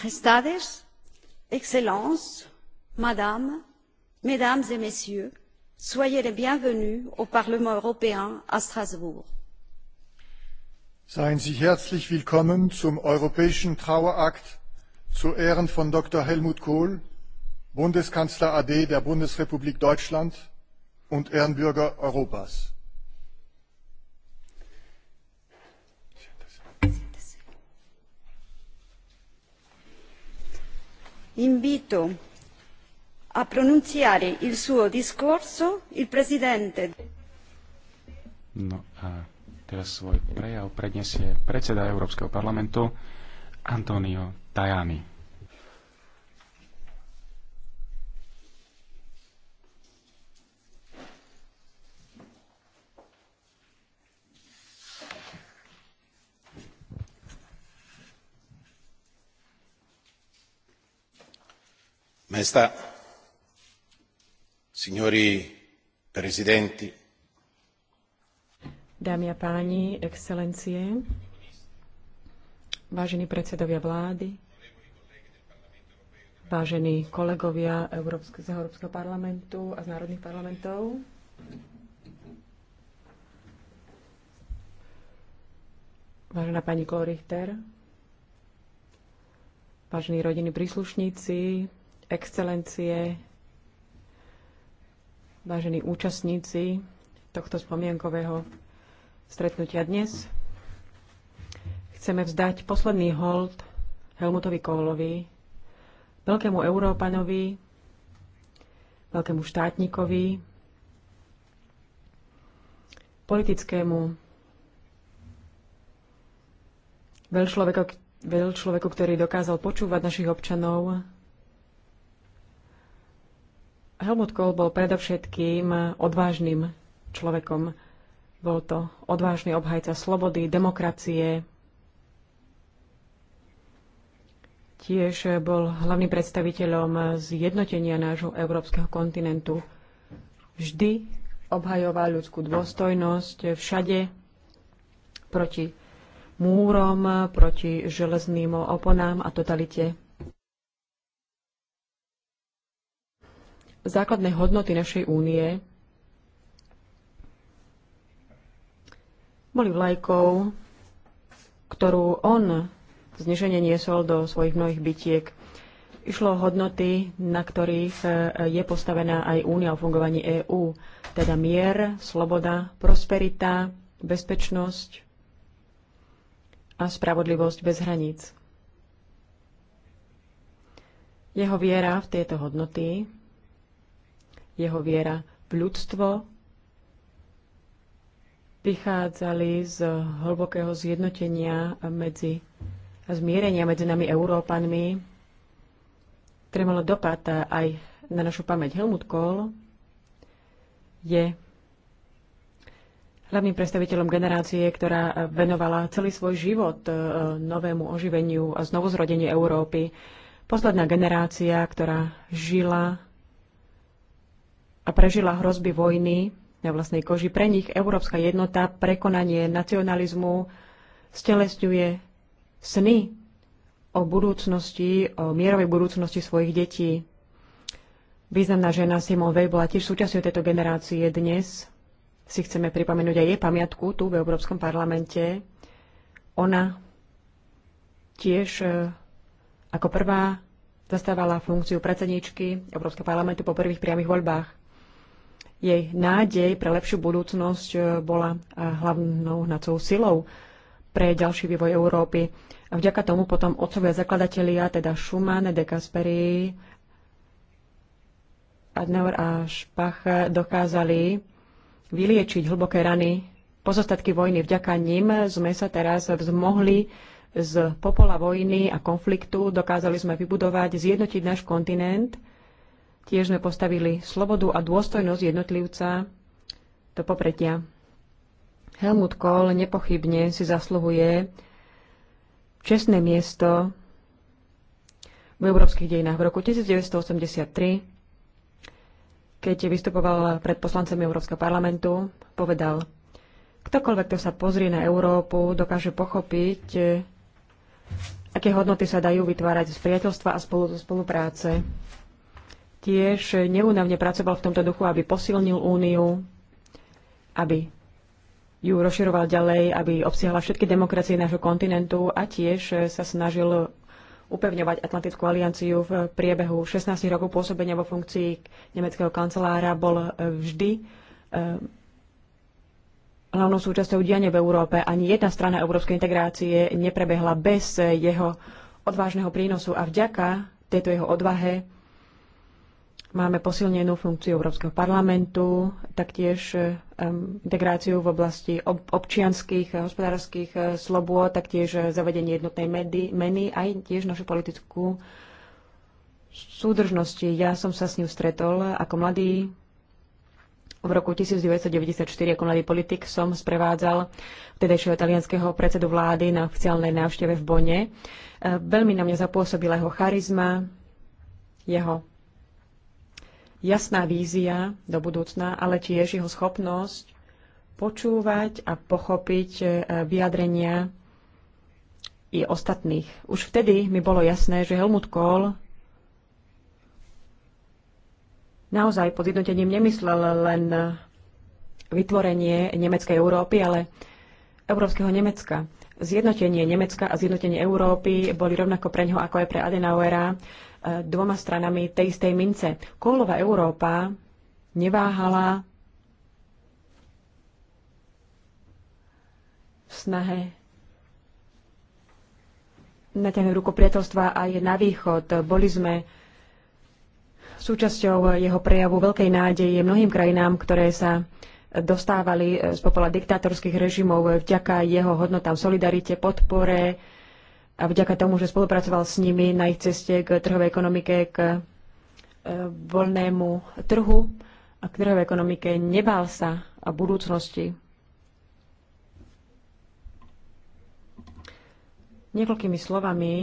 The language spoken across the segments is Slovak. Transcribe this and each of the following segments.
Majestades, Excellences, Madame, Mesdames et Messieurs, soyez les bienvenus au Parlement européen à Strasbourg. Seien Sie herzlich willkommen zum europäischen Trauerakt zu Ehren von Dr. Helmut Kohl, Bundeskanzler AD der Bundesrepublik Deutschland und Ehrenbürger Europas. invito a pronunziare il suo discorso il presidente. No a teraz svoj prejav predniesie predseda Európskeho parlamentu Antonio Tajani. Maestà, signori presidenti, Dámy a páni, excelencie, vážení predsedovia vlády, vážení kolegovia Európske, z Európskeho parlamentu a z národných parlamentov, vážená pani Klorichter, vážení rodiny príslušníci, excelencie, vážení účastníci tohto spomienkového stretnutia dnes. Chceme vzdať posledný hold Helmutovi Kohlovi, veľkému Európanovi, veľkému štátnikovi, politickému veľčloveku, človeku, ktorý dokázal počúvať našich občanov, Helmut Kohl bol predovšetkým odvážnym človekom. Bol to odvážny obhajca slobody, demokracie. Tiež bol hlavným predstaviteľom zjednotenia nášho európskeho kontinentu. Vždy obhajoval ľudskú dôstojnosť všade proti múrom, proti železným oponám a totalite. základné hodnoty našej únie boli vlajkou, ktorú on znešenie niesol do svojich mnohých bytiek. Išlo o hodnoty, na ktorých e, je postavená aj únia o fungovaní EÚ, teda mier, sloboda, prosperita, bezpečnosť a spravodlivosť bez hraníc. Jeho viera v tieto hodnoty jeho viera v ľudstvo, vychádzali z hlbokého zjednotenia medzi zmierenia medzi nami Európanmi, ktoré malo dopad aj na našu pamäť. Helmut Kohl je hlavným predstaviteľom generácie, ktorá venovala celý svoj život e, novému oživeniu a znovuzrodeniu Európy. Posledná generácia, ktorá žila a prežila hrozby vojny na vlastnej koži. Pre nich európska jednota, prekonanie nacionalizmu stelesňuje sny o budúcnosti, o mierovej budúcnosti svojich detí. Významná žena Simone Weil bola tiež súčasťou tejto generácie dnes. Si chceme pripomenúť aj jej pamiatku tu v Európskom parlamente. Ona tiež e, ako prvá zastávala funkciu predsedničky Európskeho parlamentu po prvých priamých voľbách. Jej nádej pre lepšiu budúcnosť eh, bola eh, hlavnou hnacou silou pre ďalší vývoj Európy. A vďaka tomu potom otcovia zakladatelia, teda Schumann, de Kasperi, Adenauer a Špach dokázali vyliečiť hlboké rany, pozostatky vojny. Vďaka nim sme sa teraz vzmohli z popola vojny a konfliktu, dokázali sme vybudovať, zjednotiť náš kontinent – Tiež sme postavili slobodu a dôstojnosť jednotlivca do popretia. Helmut Kohl nepochybne si zasluhuje čestné miesto v európskych dejinách. V roku 1983, keď vystupoval pred poslancami Európskeho parlamentu, povedal, ktokoľvek, kto sa pozrie na Európu, dokáže pochopiť, aké hodnoty sa dajú vytvárať z priateľstva a spolupráce tiež neúnavne pracoval v tomto duchu, aby posilnil úniu, aby ju rozširoval ďalej, aby obsiahla všetky demokracie nášho kontinentu a tiež sa snažil upevňovať Atlantickú alianciu v priebehu 16 rokov pôsobenia vo funkcii nemeckého kancelára. Bol vždy eh, hlavnou súčasťou diania v Európe. Ani jedna strana európskej integrácie neprebehla bez jeho odvážneho prínosu a vďaka tejto jeho odvahe Máme posilnenú funkciu Európskeho parlamentu, taktiež integráciu v oblasti ob- občianských, eh, hospodárskych eh, slobôd, taktiež eh, zavedenie jednotnej medy, meny, aj tiež našu politickú súdržnosti. Ja som sa s ním stretol ako mladý v roku 1994 ako mladý politik som sprevádzal vtedejšieho italianského predsedu vlády na oficiálnej návšteve v Bone. Veľmi na mňa zapôsobila jeho charizma, jeho jasná vízia do budúcna, ale tiež jeho schopnosť počúvať a pochopiť e, vyjadrenia i ostatných. Už vtedy mi bolo jasné, že Helmut Kohl naozaj pod jednotením nemyslel len vytvorenie nemeckej Európy, ale európskeho Nemecka. Zjednotenie Nemecka a zjednotenie Európy boli rovnako pre ňoho ako aj pre Adenauera dvoma stranami tej istej mince. Kolová Európa neváhala v snahe natiahnuť ruku priateľstva aj na východ. Boli sme súčasťou jeho prejavu veľkej nádeje mnohým krajinám, ktoré sa dostávali z popola diktátorských režimov vďaka jeho hodnotám solidarite, podpore, a vďaka tomu, že spolupracoval s nimi na ich ceste k trhovej ekonomike, k e, voľnému trhu a k trhovej ekonomike, nebál sa a budúcnosti. Niekoľkými slovami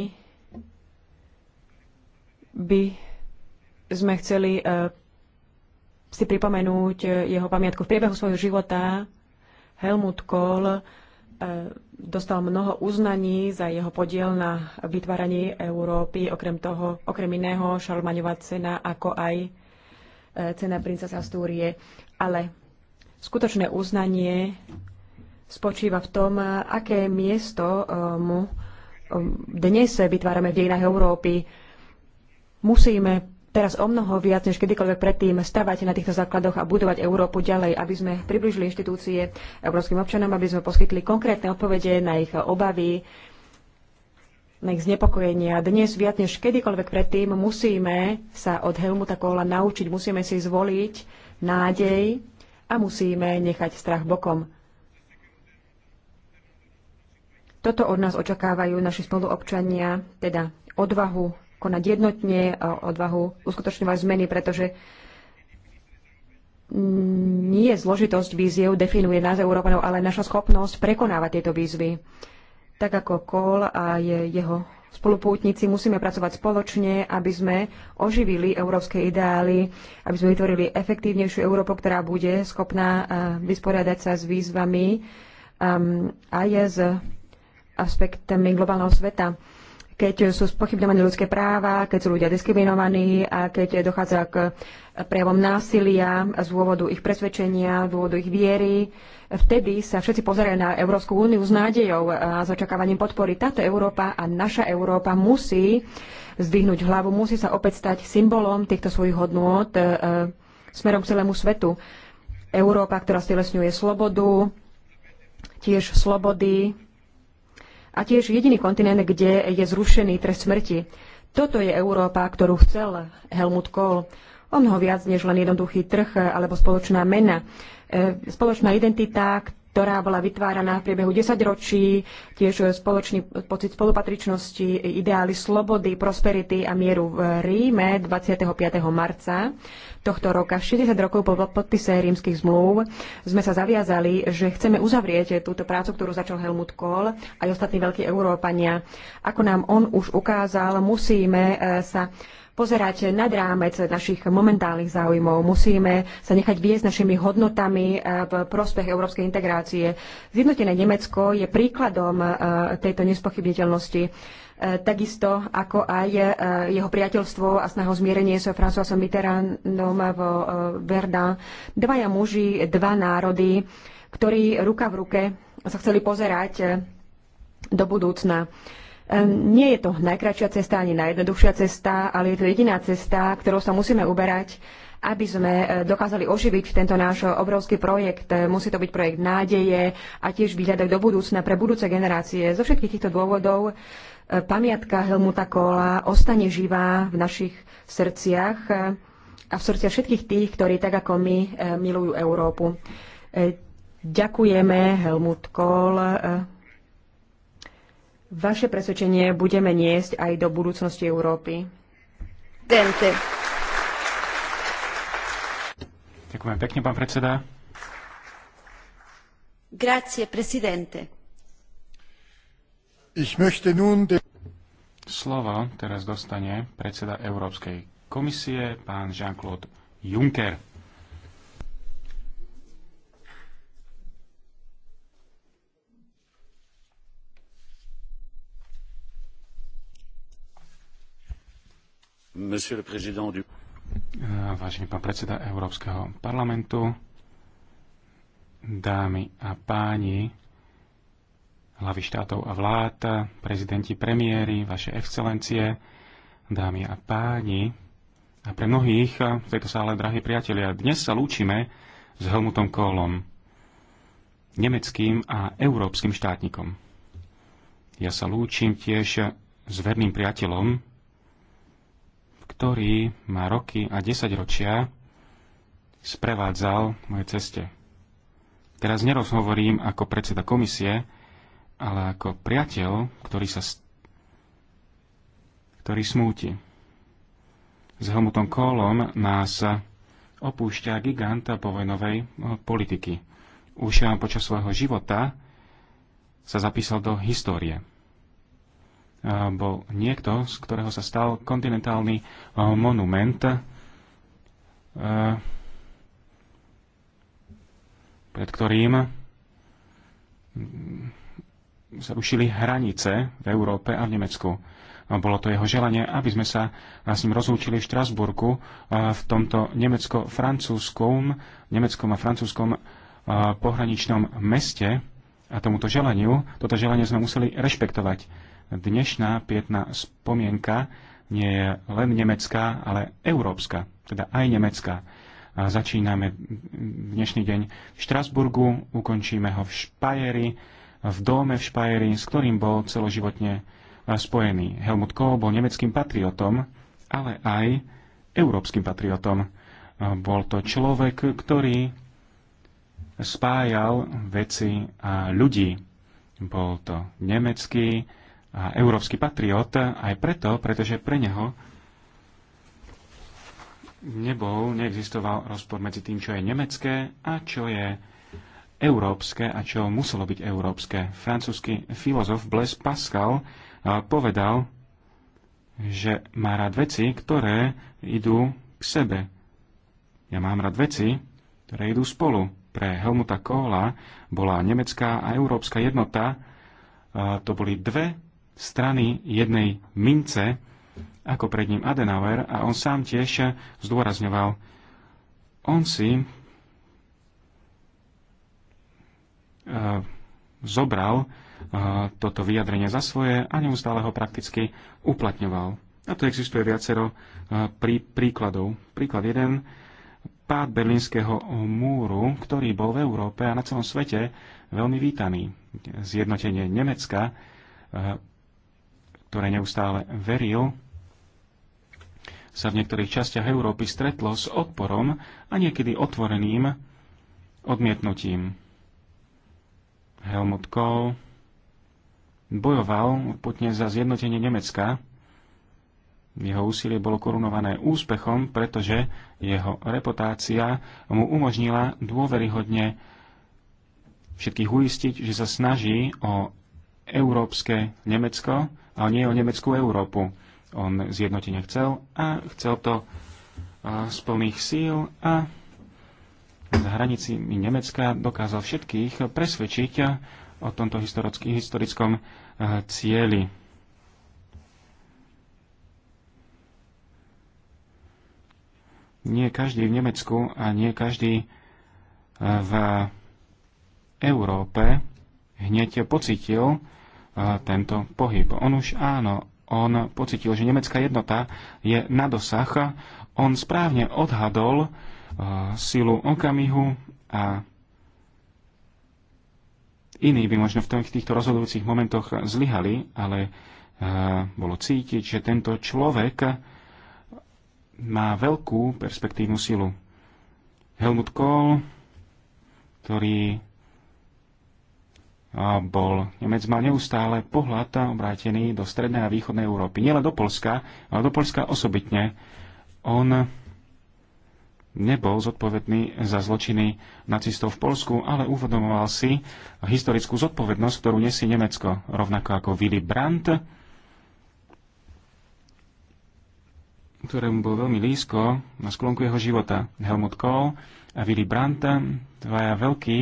by sme chceli e, si pripomenúť jeho pamiatku. V priebehu svojho života Helmut Kohl E, dostal mnoho uznaní za jeho podiel na vytváraní Európy, okrem toho, okrem iného, Šarlmaňová cena, ako aj e, cena princesa Astúrie. Ale skutočné uznanie spočíva v tom, aké miesto e, mu dnes vytvárame v dejinách Európy. Musíme teraz o mnoho viac než kedykoľvek predtým stavať na týchto základoch a budovať Európu ďalej, aby sme približili inštitúcie európskym občanom, aby sme poskytli konkrétne odpovede na ich obavy, na ich znepokojenia. Dnes viac než kedykoľvek predtým musíme sa od Helmuta Kohla naučiť, musíme si zvoliť nádej a musíme nechať strach bokom. Toto od nás očakávajú naši spoluobčania, teda odvahu, konať jednotne, e, odvahu uskutočňovať zmeny, pretože nie zložitosť víziev definuje nás Európanov, ale naša schopnosť prekonávať tieto výzvy. Tak ako Kohl a jeho spolupútnici musíme pracovať spoločne, aby sme oživili európske ideály, aby sme vytvorili efektívnejšiu Európu, ktorá bude schopná e, vysporiadať sa s výzvami e, a je s aspektami globálneho sveta keď sú spochybňované ľudské práva, keď sú ľudia diskriminovaní a keď dochádza k prejavom násilia z dôvodu ich presvedčenia, z dôvodu ich viery. Vtedy sa všetci pozerajú na Európsku úniu s nádejou a s očakávaním podpory. Táto Európa a naša Európa musí zdvihnúť hlavu, musí sa opäť stať symbolom týchto svojich hodnôt e, smerom k celému svetu. Európa, ktorá stelesňuje slobodu, tiež slobody a tiež jediný kontinent, kde je zrušený trest smrti. Toto je Európa, ktorú chcel Helmut Kohl. O mnoho viac než len jednoduchý trh alebo spoločná mena. E, spoločná identita, ktorá bola vytváraná v priebehu 10 ročí, tiež spoločný pocit spolupatričnosti, ideály slobody, prosperity a mieru v Ríme 25. marca tohto roka, 60 rokov po podpise rímskych zmluv, sme sa zaviazali, že chceme uzavrieť túto prácu, ktorú začal Helmut Kohl aj ostatní veľkí Európania. Ako nám on už ukázal, musíme e, sa pozerať nad rámec našich momentálnych záujmov. Musíme sa nechať viesť našimi hodnotami eh, v prospech európskej integrácie. Zjednotené Nemecko je príkladom eh, tejto nespochybniteľnosti eh, takisto ako aj jeho priateľstvo a snaho zmierenie s so Françoisom Mitterrandom v Verdun. Dvaja muži, dva národy, ktorí ruka v ruke sa chceli pozerať do budúcna. Ehm, nie je to najkračšia cesta ani najjednoduchšia cesta, ale je to jediná cesta, ktorou sa musíme uberať, aby sme e, dokázali oživiť tento náš obrovský projekt. E, musí to byť projekt nádeje a tiež výhľadok do budúcna pre budúce generácie. Zo všetkých týchto dôvodov e, pamiatka Helmuta Kohla ostane živá v našich srdciach a v srdciach všetkých tých, ktorí tak ako my milujú Európu. Ďakujeme, Helmut Kohl vaše presvedčenie budeme niesť aj do budúcnosti Európy. Dente. Ďakujem pekne, pán predseda. Grazie, presidente. Ich möchte nun de- Slovo teraz dostane predseda Európskej komisie, pán Jean-Claude Juncker. Eh, vážený pán predseda Európskeho parlamentu, dámy a páni, hlavy štátov a vlád, prezidenti, premiéry, vaše excelencie, dámy a páni, a pre mnohých v tejto sále, drahí priatelia, dnes sa lúčime s Helmutom Kohlom, nemeckým a európskym štátnikom. Ja sa lúčim tiež s verným priateľom, ktorý ma roky a desaťročia sprevádzal moje mojej ceste. Teraz nerozhovorím ako predseda komisie, ale ako priateľ, ktorý sa ktorý smúti. S Helmutom Kohlom nás opúšťa giganta povojnovej no, politiky. Už počas svojho života sa zapísal do histórie bol niekto, z ktorého sa stal kontinentálny eh, monument. Eh, pred ktorým mm, sa rušili hranice v Európe a v Nemecku. Bolo to jeho želanie, aby sme sa eh, s ním rozlúčili v Štrasburku v tomto nemecko-francúzskom nemeckom a francúzskom pohraničnom meste a tomuto želaniu, toto želanie sme museli rešpektovať dnešná pietná spomienka nie je len nemecká, ale európska, teda aj nemecká. A začíname dnešný deň v Štrasburgu, ukončíme ho v Špajeri, v dome v Špajeri, s ktorým bol celoživotne e, spojený. Helmut Kohl bol nemeckým patriotom, ale aj európskym patriotom. E, bol to človek, ktorý spájal veci a ľudí. Bol to nemecký a európsky patriot aj preto, pretože pre neho nebol, neexistoval rozpor medzi tým, čo je nemecké a čo je európske a čo muselo byť európske. Francúzsky filozof Blaise Pascal eh, povedal, že má rád veci, ktoré idú k sebe. Ja mám rád veci, ktoré idú spolu. Pre Helmuta Kohla bola nemecká a európska jednota, eh, to boli dve strany jednej mince, ako pred ním Adenauer, a on sám tiež zdôrazňoval, on si eh, zobral eh, toto vyjadrenie za svoje a neustále ho prakticky uplatňoval. A tu existuje viacero eh, prí, príkladov. Príklad jeden Pád berlínskeho múru, ktorý bol v Európe a na celom svete veľmi vítaný. Zjednotenie Nemecka ktoré neustále veril, sa v niektorých častiach Európy stretlo s odporom a niekedy otvoreným odmietnutím. Helmut Kohl bojoval putne za zjednotenie Nemecka. Jeho úsilie bolo korunované úspechom, pretože jeho reputácia mu umožnila dôveryhodne všetkých uistiť, že sa snaží o európske Nemecko, ale nie o nemeckú Európu. On zjednotenie chcel a chcel to z plných síl a za hranicami Nemecka dokázal všetkých presvedčiť o tomto historickom cieli. Nie každý v Nemecku a nie každý v Európe hneď pocitil tento pohyb. On už áno, on pocitil, že nemecká jednota je na dosah. On správne odhadol eh, silu okamihu a iní by možno v týchto rozhodujúcich momentoch zlyhali, ale eh, bolo cítiť, že tento človek má veľkú perspektívnu silu. Helmut Kohl, ktorý bol, Nemec mal neustále pohľad obrátený do strednej a východnej Európy. Nielen do Polska, ale do Polska osobitne. On nebol zodpovedný za zločiny nacistov v Polsku, ale uvedomoval si historickú zodpovednosť, ktorú nesie Nemecko, rovnako ako Willy Brandt, ktorému bol veľmi blízko na sklonku jeho života. Helmut Kohl a Willy Brandt, dvaja veľkí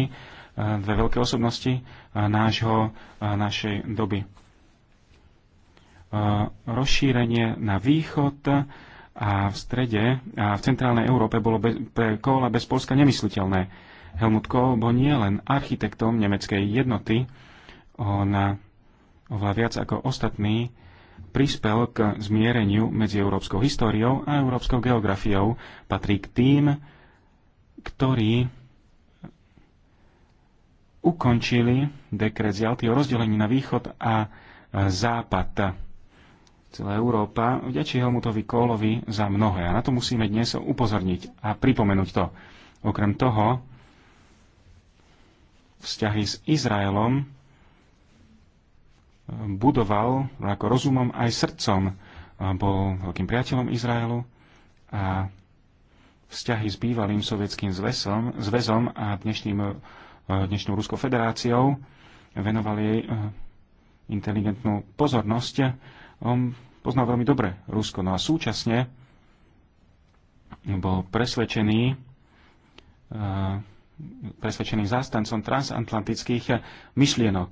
dve veľké osobnosti nášho, našej doby. Rozšírenie na východ a v strede a v centrálnej Európe bolo bez, pre Kohla bez Polska nemysliteľné. Helmut Kohl bol nie len architektom nemeckej jednoty, on oveľa viac ako ostatný prispel k zmiereniu medzi európskou históriou a európskou geografiou. Patrí k tým, ktorí ukončili dekret z Jalty o rozdelení na východ a e, západ. Celá Európa vďačí Helmutovi Kólovi za mnohé a na to musíme dnes upozorniť a pripomenúť to. Okrem toho, vzťahy s Izraelom e, budoval ako rozumom aj srdcom. E, bol veľkým priateľom Izraelu a vzťahy s bývalým sovietským zväzom, zväzom a dnešným Eh, dnešnou Ruskou federáciou, venoval jej eh, inteligentnú pozornosť. On poznal veľmi dobre Rusko, no a súčasne bol presvedčený, eh, presvedčený zástancom transatlantických myšlienok.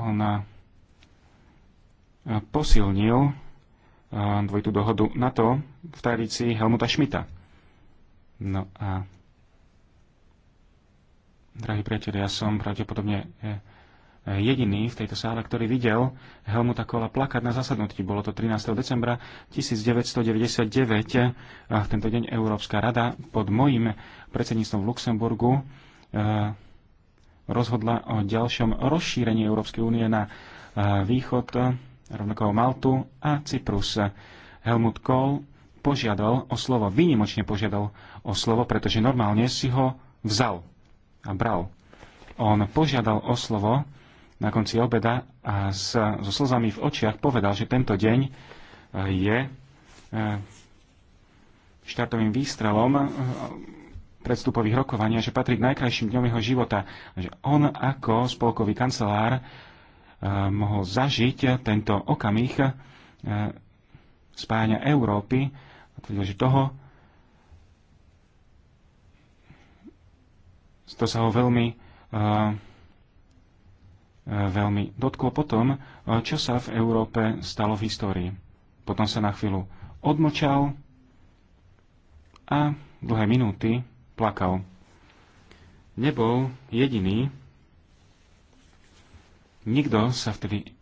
On posilnil dvojitú dohodu NATO v tradícii Helmuta Schmidta. No a Drahí priateľ, ja som pravdepodobne e, e, jediný v tejto sále, ktorý videl Helmuta Kola plakať na zasadnutí. Bolo to 13. decembra 1999. A v tento deň Európska rada pod mojim predsedníctvom v Luxemburgu e, rozhodla o ďalšom rozšírení Európskej únie na východ, rovnako Maltu a Cyprus. Helmut Kohl požiadal o slovo, výnimočne požiadal o slovo, pretože normálne si ho vzal a bral. On požiadal o slovo na konci obeda a s, so slzami v očiach povedal, že tento deň e, je e, štartovým výstrelom e, predstupových rokovania, že patrí k najkrajším dňom jeho života. Že on ako spolkový kancelár mohol zažiť tento okamih spájania Európy, že toho to sa ho veľmi, eh, eh, veľmi dotklo potom, eh, čo sa v Európe stalo v histórii. Potom sa na chvíľu odmočal a dlhé minúty plakal. Nebol jediný, nikto sa vtedy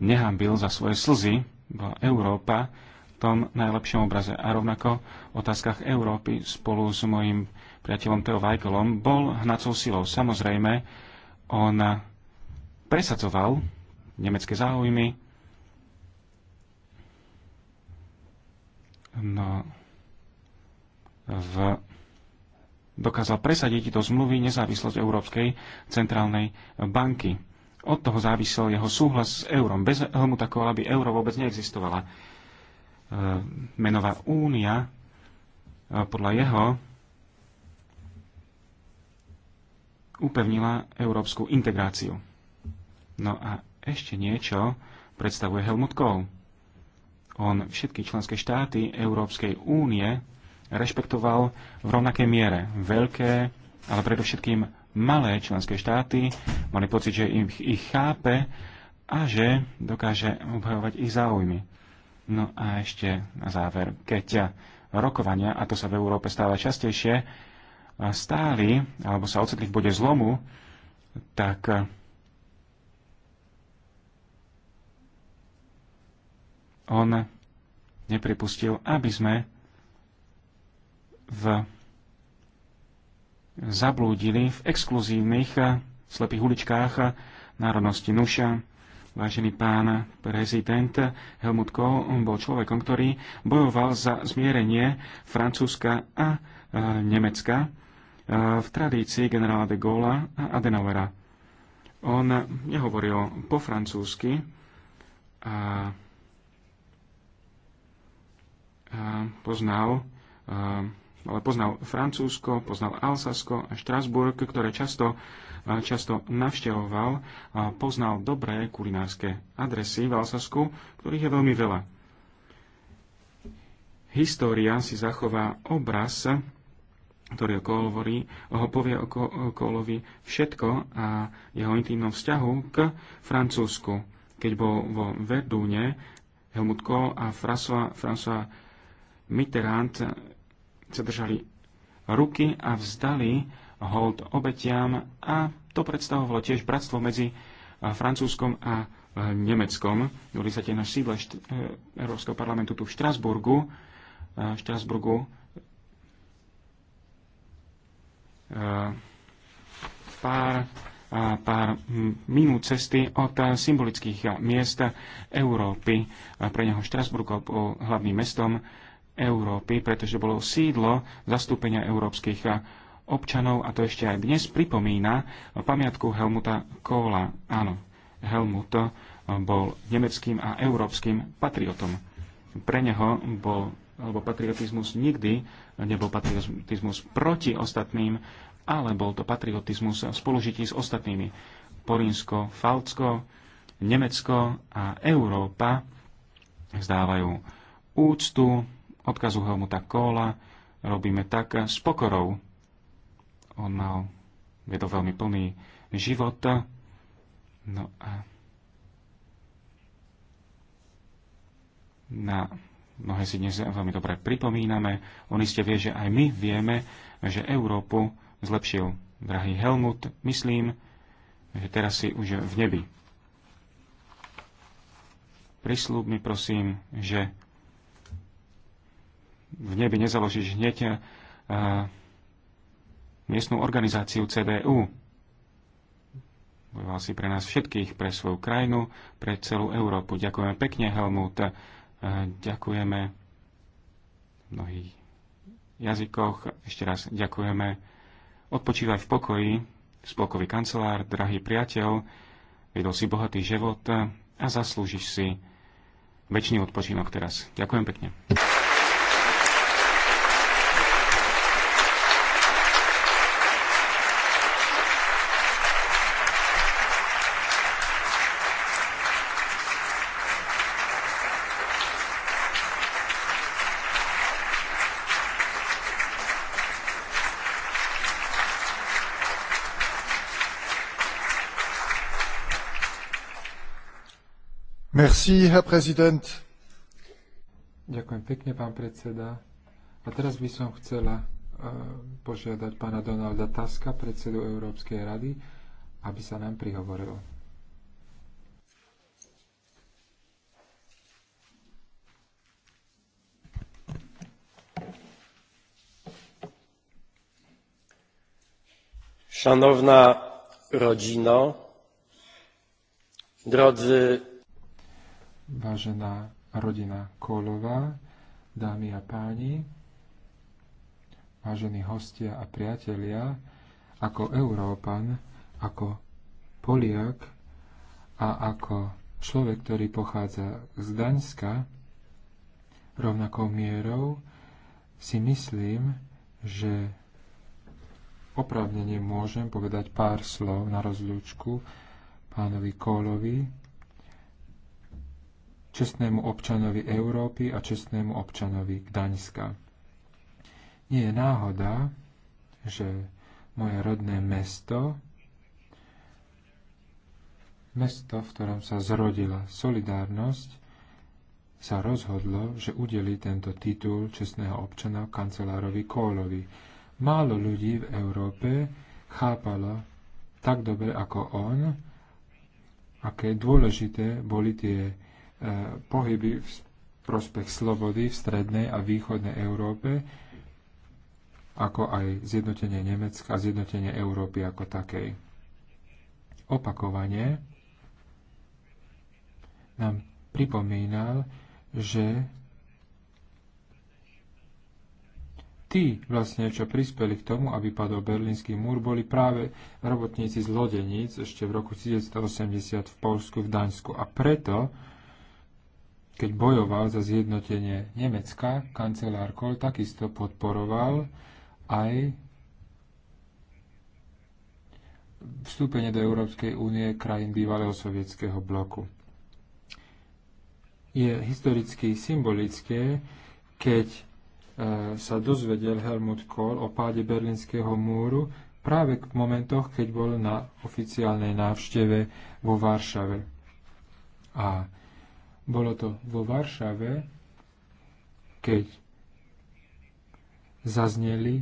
nehambil za svoje slzy, bola Európa v tom najlepšom obraze. A rovnako v otázkach Európy spolu s mojim priateľom Teo Vajkolom, bol hnacou silou. Samozrejme, on presadzoval nemecké záujmy. No, v, dokázal presadiť do zmluvy nezávislosť Európskej centrálnej banky. Od toho závisel jeho súhlas s eurom. Bez Helmuta Kohla by euro vôbec neexistovala. E, menová únia e, podľa jeho upevnila európsku integráciu. No a ešte niečo predstavuje Helmut Kohl. On všetky členské štáty Európskej únie rešpektoval v rovnakej miere. Veľké, ale predovšetkým malé členské štáty mali pocit, že im ich chápe a že dokáže obhajovať ich záujmy. No a ešte na záver, keď rokovania, a to sa v Európe stáva častejšie, stáli alebo sa ocitli v bode zlomu, tak eh, on nepripustil, aby sme v zablúdili v exkluzívnych eh, slepých uličkách eh, národnosti Nuša. Vážený pán prezident Helmut Kohl bol človekom, ktorý bojoval za zmierenie Francúzska a Nemecka v tradícii generála de Gaulle a Adenauera. On nehovoril po francúzsky a, a poznal a, ale poznal Francúzsko, poznal Alsasko a Štrasburg, ktoré často, často navštevoval, a poznal dobré kulinárske adresy v Alsasku, ktorých je veľmi veľa. História si zachová obraz ktorý o hovorí, ho povie o Kólovi všetko a jeho intimnom vzťahu k Francúzsku. Keď bol vo Verdúne, Helmut Kohl a François, François Mitterrand sa držali ruky a vzdali hold obetiam a to predstavovalo tiež bratstvo medzi eh, Francúzskom a eh, Nemeckom. Boli sa tie na sídle eh, Európskeho parlamentu tu v Štrasburgu. V Štrasburgu pár, pár minút cesty od symbolických miest Európy. Pre neho Štrasburg bol hlavným mestom Európy, pretože bolo sídlo zastúpenia európskych občanov a to ešte aj dnes pripomína pamiatku Helmuta Kohla. Áno, Helmut bol nemeckým a európskym patriotom. Pre neho bol alebo patriotizmus nikdy nebol patriotizmus proti ostatným, ale bol to patriotizmus v spolužití s ostatnými. Polínsko, Falcko, Nemecko a Európa vzdávajú úctu, odkazu Helmuta kóla, robíme tak s pokorou. On mal, je to veľmi plný život, no a na mnohé si dnes veľmi dobre pripomíname. On iste vie, že aj my vieme, že Európu zlepšil drahý Helmut. Myslím, že teraz si už v nebi. Prislúb mi prosím, že v nebi nezaložíš hneď a, eh, miestnú organizáciu CDU. Bojoval si pre nás všetkých, pre svoju krajinu, pre celú Európu. Ďakujeme pekne, Helmut. Ďakujeme v mnohých jazykoch. Ešte raz ďakujeme. Odpočívaj v pokoji, spolkový kancelár, drahý priateľ, vedol si bohatý život a zaslúžiš si väčší odpočinok teraz. Ďakujem pekne. Merci, Herr Präsident. Ďakujem pekne, pán predseda. A teraz by som chcela e, požiadať pána Donalda Taska, predsedu Európskej rady, aby sa nám prihovoril. Szanowna rodzino, drodzy vážená rodina Kolová, dámy a páni, vážení hostia a priatelia, ako Európan, ako Poliak a ako človek, ktorý pochádza z Daňska, rovnakou mierou si myslím, že oprávnene môžem povedať pár slov na rozlúčku pánovi Kólovi, čestnému občanovi Európy a čestnému občanovi Gdaňska. Nie je náhoda, že moje rodné mesto, mesto, v ktorom sa zrodila solidárnosť, sa rozhodlo, že udeli tento titul čestného občana kancelárovi Kólovi. Málo ľudí v Európe chápalo tak dobre ako on, aké dôležité boli tie pohyby v prospech slobody v strednej a východnej Európe, ako aj zjednotenie Nemecka a zjednotenie Európy ako takej. Opakovanie nám pripomínal, že tí vlastne, čo prispeli k tomu, aby padol berlínsky múr, boli práve robotníci z lodeníc ešte v roku 1980 v Polsku, v Daňsku. A preto keď bojoval za zjednotenie Nemecka, kancelár Kohl takisto podporoval aj vstúpenie do Európskej únie krajín bývalého sovietského bloku. Je historicky symbolické, keď e, sa dozvedel Helmut Kohl o páde berlínskeho múru práve v momentoch, keď bol na oficiálnej návšteve vo Varšave. A bolo to vo Varšave, keď zazneli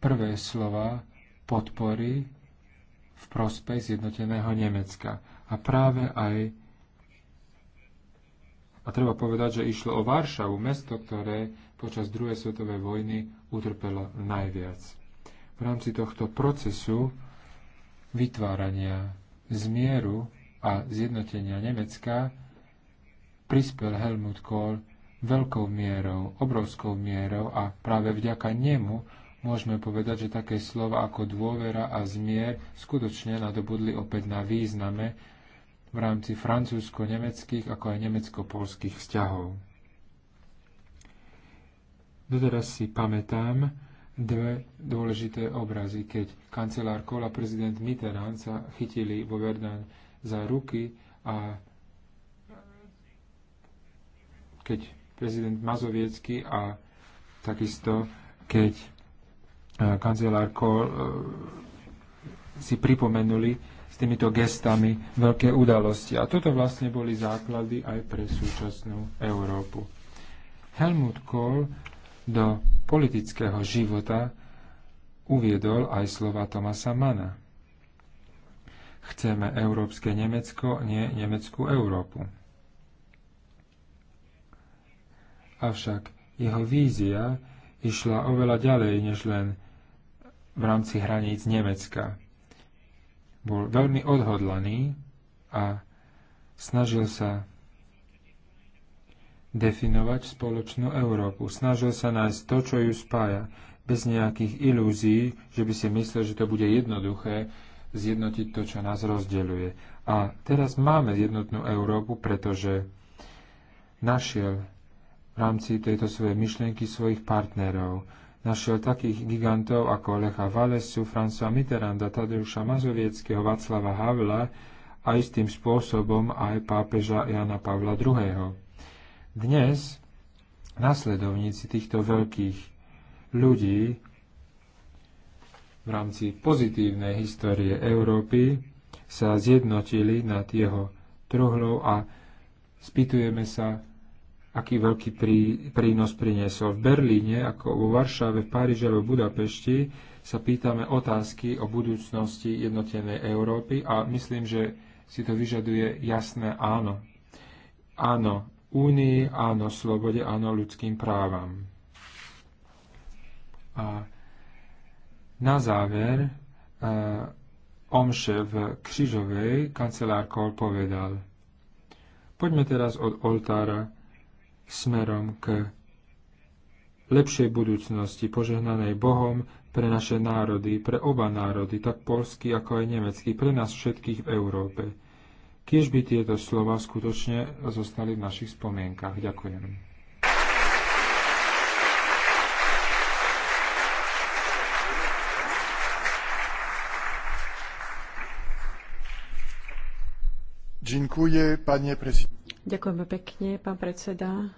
prvé slova podpory v prospech zjednoteného Nemecka. A práve aj a treba povedať, že išlo o Varšavu, mesto, ktoré počas druhej svetovej vojny utrpelo najviac. V rámci tohto procesu vytvárania zmieru a zjednotenia Nemecka prispel Helmut Kohl veľkou mierou, obrovskou mierou a práve vďaka nemu môžeme povedať, že také slova ako dôvera a zmier skutočne nadobudli opäť na význame v rámci francúzsko-nemeckých ako aj nemecko-polských vzťahov. Doteraz si pamätám dve dôležité obrazy, keď kancelár Kohl a prezident Mitterrand sa chytili vo Verdun za ruky a keď prezident Mazoviecky a takisto keď e, kancelár Kohl e, si pripomenuli s týmito gestami veľké udalosti. A toto vlastne boli základy aj pre súčasnú Európu. Helmut Kohl do politického života uviedol aj slova Tomasa Mana. Chceme európske Nemecko, nie nemeckú Európu. avšak jeho vízia išla oveľa ďalej než len v rámci hraníc Nemecka. Bol veľmi odhodlaný a snažil sa definovať spoločnú Európu. Snažil sa nájsť to, čo ju spája, bez nejakých ilúzií, že by si myslel, že to bude jednoduché zjednotiť to, čo nás rozdeľuje. A teraz máme jednotnú Európu, pretože našiel v rámci tejto svojej myšlienky svojich partnerov. Našiel takých gigantov ako Lecha Valesu, François Mitterranda, Tadeuša Mazovieckého, Václava Havla a istým spôsobom aj pápeža Jana Pavla II. Dnes nasledovníci týchto veľkých ľudí v rámci pozitívnej histórie Európy sa zjednotili nad jeho truhlou a spýtujeme sa, aký veľký prí, prínos priniesol. V Berlíne, ako vo Varšave, v Paríži alebo v Budapešti sa pýtame otázky o budúcnosti jednotenej Európy a myslím, že si to vyžaduje jasné áno. Áno únii, áno slobode, áno ľudským právam. A na záver uh, Omše v Křižovej kancelárkol povedal Poďme teraz od oltára smerom k lepšej budúcnosti, požehnanej Bohom pre naše národy, pre oba národy, tak polský ako aj nemecký, pre nás všetkých v Európe. Kiež by tieto slova skutočne zostali v našich spomienkach. Ďakujem. Ďakujem pekne, pán predseda.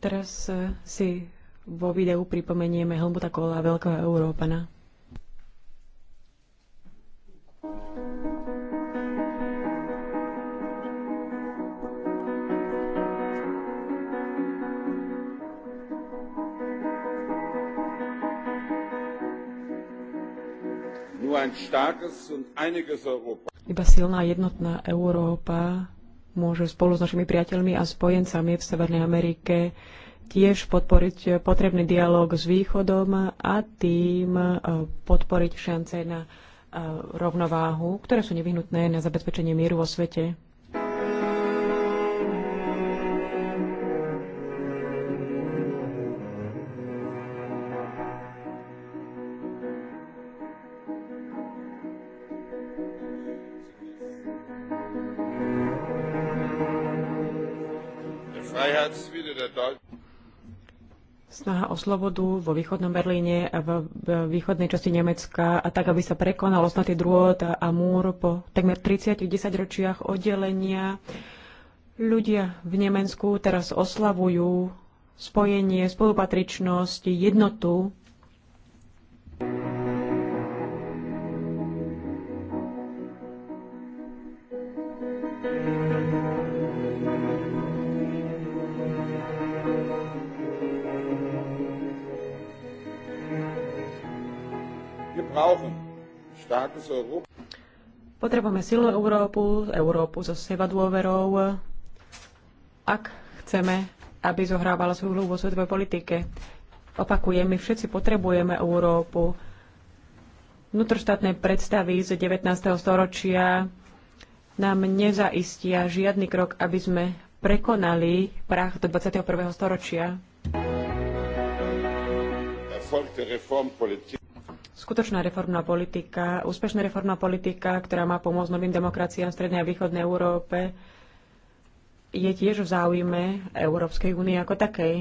Teraz eh, si vo videu pripomenieme Helmuta Kola, veľkého Európana. Iba silná jednotná Európa môžu spolu s našimi priateľmi a spojencami v Severnej Amerike tiež podporiť potrebný dialog s Východom a tým e, podporiť šance na e, rovnováhu, ktoré sú nevyhnutné na zabezpečenie mieru vo svete. snaha o slobodu vo východnom Berlíne a v, východnej časti Nemecka a tak, aby sa prekonal osnatý drôt a múr po takmer 30 ročiach oddelenia. Ľudia v Nemensku teraz oslavujú spojenie, spolupatričnosť, jednotu. Potrebujeme silnú Európu, Európu so seba dôverou, ak chceme, aby zohrávala svoju úlohu vo svetovej politike. Opakujem, my všetci potrebujeme Európu. Vnútroštátne predstavy z 19. storočia nám nezaistia žiadny krok, aby sme prekonali prach do 21. storočia. Reformpolitik skutočná reformná politika, úspešná reformná politika, ktorá má pomôcť novým demokraciám v Strednej a Východnej Európe, je tiež v záujme Európskej únie ako takej.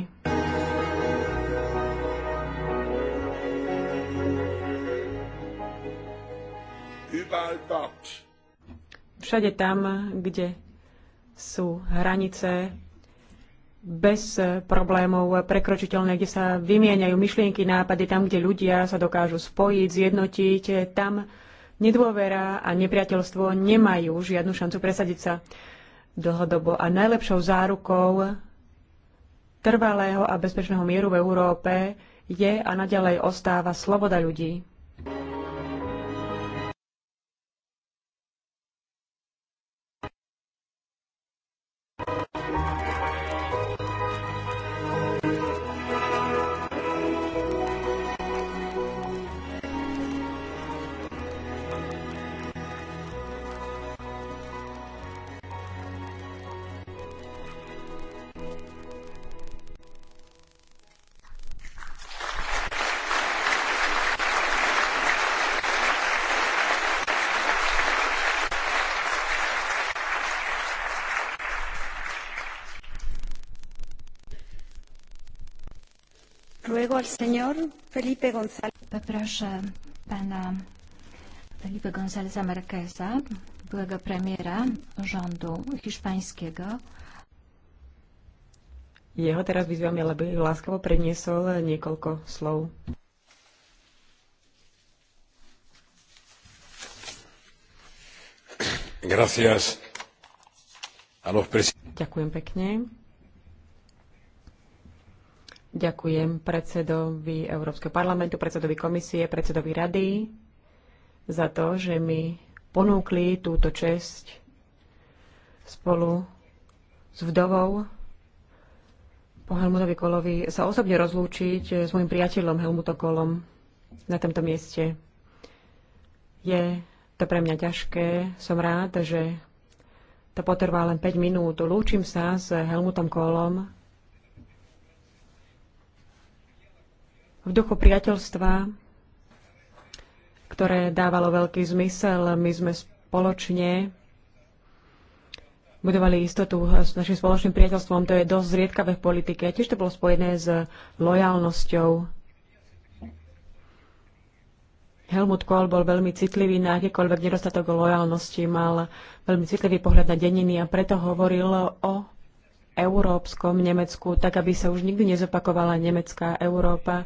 Všade tam, kde sú hranice bez eh, problémov prekročiteľné, kde sa vymieňajú myšlienky, nápady, tam, kde ľudia sa dokážu spojiť, zjednotiť, eh, tam nedôvera a nepriateľstvo nemajú žiadnu šancu presadiť sa dlhodobo. A najlepšou zárukou trvalého a bezpečného mieru v Európe je a naďalej ostáva sloboda ľudí. Poproszę pana Felipe Gonzaleza Marqueza, byłego premiera rządu hiszpańskiego. Jeho teraz vyzývame, aby láskavo predniesol niekoľko slov. Gracias a los Ďakujem pekne. Ďakujem predsedovi Európskeho parlamentu, predsedovi komisie, predsedovi rady za to, že mi ponúkli túto česť spolu s vdovou po Helmutovi Kolovi sa osobne rozlúčiť s môjim priateľom Helmuto Kolom na tomto mieste. Je to pre mňa ťažké. Som rád, že to potrvá len 5 minút. Lúčim sa s Helmutom Kolom v duchu priateľstva, ktoré dávalo veľký zmysel. My sme spoločne budovali istotu s našim spoločným priateľstvom. To je dosť zriedkavé v politike. Tiež to bolo spojené s lojalnosťou. Helmut Kohl bol veľmi citlivý na akýkoľvek nedostatok lojalnosti, mal veľmi citlivý pohľad na deniny a preto hovoril o európskom Nemecku, tak aby sa už nikdy nezopakovala nemecká Európa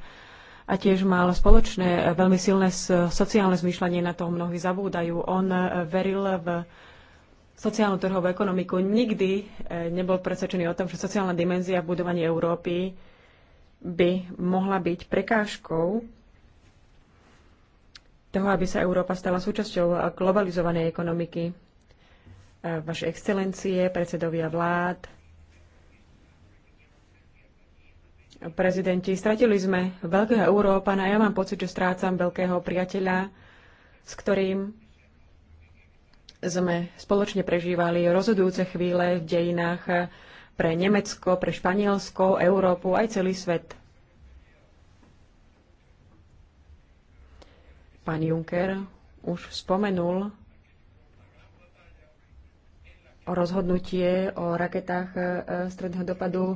a tiež mal spoločné e, veľmi silné sociálne zmýšľanie, na to mnohí zabúdajú. On e, veril v sociálnu trhovú ekonomiku. Nikdy e, nebol presvedčený o tom, že sociálna dimenzia v budovaní Európy by mohla byť prekážkou toho, aby sa Európa stala súčasťou globalizovanej ekonomiky. Vaše excelencie, predsedovia vlád, prezidenti. Stratili sme veľkého Európana. Ja mám pocit, že strácam veľkého priateľa, s ktorým sme spoločne prežívali rozhodujúce chvíle v dejinách pre Nemecko, pre Španielsko, Európu aj celý svet. Pán Juncker už spomenul o rozhodnutie o raketách eh, stredného dopadu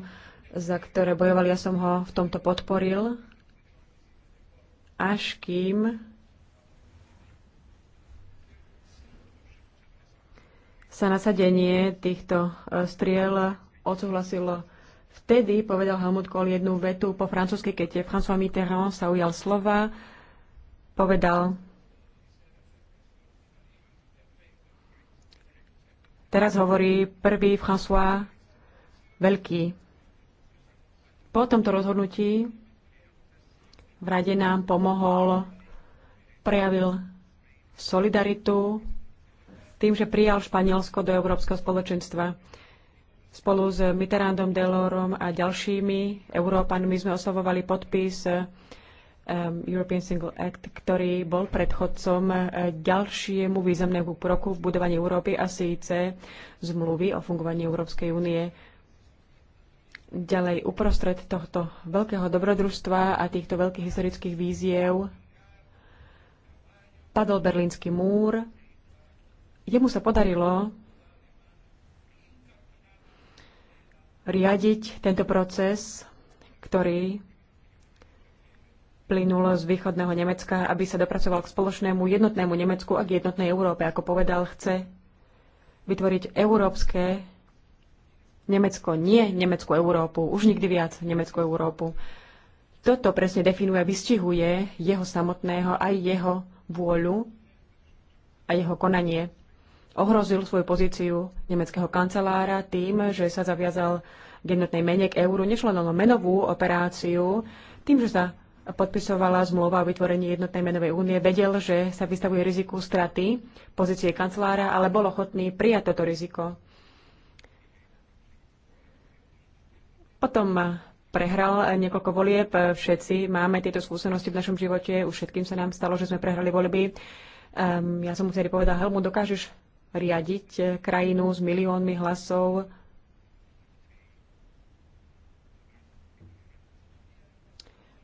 za ktoré bojoval. Ja som ho v tomto podporil, až kým sa nasadenie týchto e, striel odsúhlasilo. Vtedy povedal Helmut Kohl jednu vetu po francúzsky, keď François Mitterrand sa ujal slova, povedal, teraz hovorí prvý François Veľký. Po tomto rozhodnutí v rade nám pomohol, prejavil solidaritu tým, že prijal Španielsko do Európskeho spoločenstva. Spolu s Mitterrandom, Delorom a ďalšími Európanmi sme oslovovali podpis um, European Single Act, ktorý bol predchodcom eh, ďalšiemu významnému kroku v budovaní Európy a síce zmluvy o fungovaní Európskej únie. Ďalej, uprostred tohto veľkého dobrodružstva a týchto veľkých historických víziev padol berlínsky múr. Jemu sa podarilo riadiť tento proces, ktorý plynulo z východného Nemecka, aby sa dopracoval k spoločnému jednotnému Nemecku a k jednotnej Európe. Ako povedal, chce vytvoriť európske Nemecko nie, Nemecko Európu, už nikdy viac Nemecko Európu. Toto presne definuje a vystihuje jeho samotného aj jeho vôľu a jeho konanie. Ohrozil svoju pozíciu nemeckého kancelára tým, že sa zaviazal k jednotnej mene k euru, nešlo len menovú operáciu, tým, že sa podpisovala zmluva o vytvorení jednotnej menovej únie, vedel, že sa vystavuje riziku straty pozície kancelára, ale bol ochotný prijať toto riziko. Potom prehral niekoľko volieb, všetci máme tieto skúsenosti v našom živote, už všetkým sa nám stalo, že sme prehrali voľby. Um, ja som mu vtedy povedal, Helmu, dokážeš riadiť eh, krajinu s miliónmi hlasov?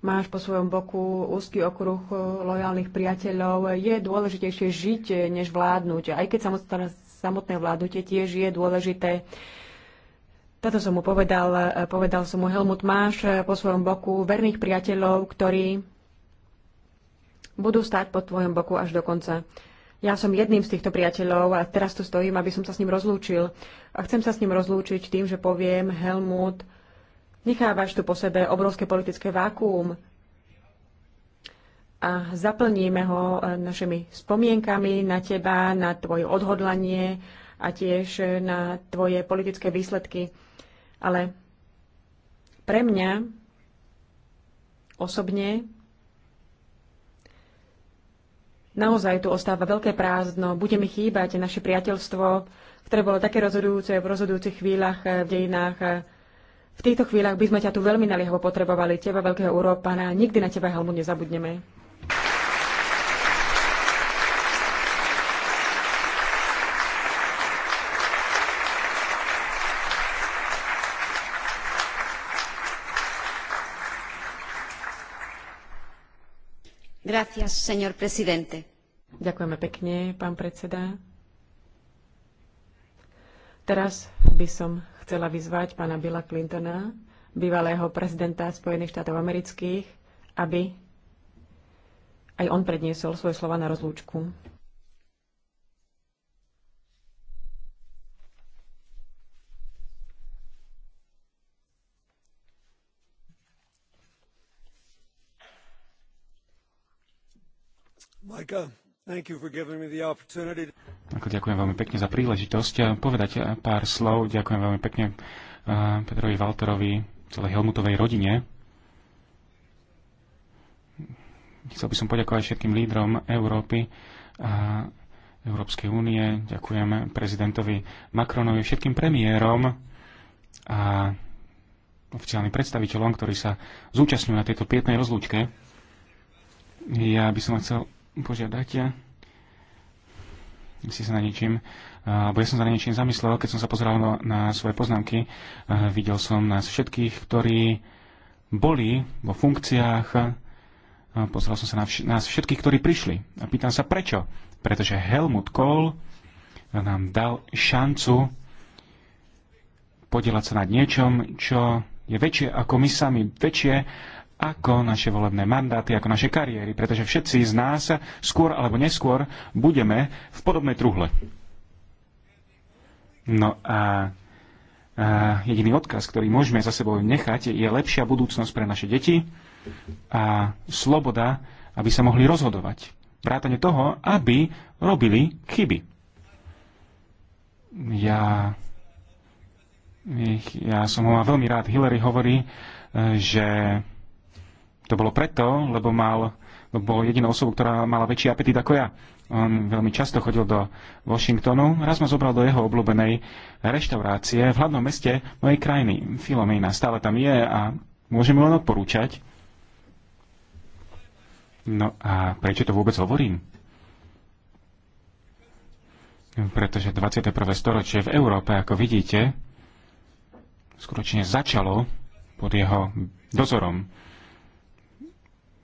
Máš po svojom boku úzky okruh eh, lojálnych priateľov. Je dôležitejšie žiť, eh, než vládnuť. Aj keď samotné vládnutie tiež je dôležité. Uh, toto som mu povedal, e, povedal som mu Helmut Máš e, po svojom boku verných priateľov, ktorí budú stáť po tvojom boku až do konca. Ja som jedným z týchto priateľov a teraz tu stojím, aby som sa s ním rozlúčil. A chcem sa s ním rozlúčiť tým, že poviem, Helmut, nechávaš tu po sebe obrovské politické vákuum a zaplníme ho e, našimi spomienkami na teba, na tvoje odhodlanie, a tiež na tvoje politické výsledky. Ale pre mňa osobne naozaj tu ostáva veľké prázdno. Bude mi chýbať naše priateľstvo, ktoré bolo také rozhodujúce v rozhodujúcich chvíľach eh, v dejinách. V týchto chvíľach by sme ťa tu veľmi naliehavo potrebovali, teba, veľkého Európana. Nikdy na teba, helmu nezabudneme. Gracias, señor presidente. Ďakujeme pekne, pán predseda. Teraz by som chcela vyzvať pána Billa Clintona, bývalého prezidenta Spojených štátov amerických, aby aj on predniesol svoje slova na rozlúčku. ďakujem veľmi pekne za príležitosť eh, povedať eh, pár slov. Ďakujem veľmi pekne eh, Petrovi Valterovi, celej Helmutovej rodine. Chcel by som poďakovať všetkým lídrom Európy a Európskej únie. Ďakujem prezidentovi Macronovi, všetkým premiérom a oficiálnym predstaviteľom, ktorí sa zúčastňujú na tejto pietnej rozlúčke. Ja by som chcel požiadať si sa na niečím, alebo ja som sa na niečím zamyslel, keď som sa pozeral na, na svoje poznámky, videl som nás všetkých, ktorí boli vo funkciách, pozeral som sa na vš- nás všetkých, ktorí prišli. A pýtam sa prečo. Pretože Helmut Kohl nám dal šancu podielať sa nad niečom, čo je väčšie ako my sami, väčšie ako naše volebné mandáty, ako naše kariéry, pretože všetci z nás skôr alebo neskôr budeme v podobnej truhle. No a, a jediný odkaz, ktorý môžeme za sebou nechať, je lepšia budúcnosť pre naše deti a sloboda, aby sa mohli rozhodovať. Vrátane toho, aby robili chyby. Ja, ja som ho veľmi rád. Hillary hovorí, e, že to bolo preto, lebo mal, lebo bol jedinou osobou, ktorá mala väčší apetit ako ja. On veľmi často chodil do Washingtonu. Raz ma zobral do jeho obľúbenej reštaurácie v hlavnom meste mojej krajiny. Filomena stále tam je a môžem ju len odporúčať. No a prečo to vôbec hovorím? Pretože 21. storočie v Európe, ako vidíte, skutočne začalo pod jeho dozorom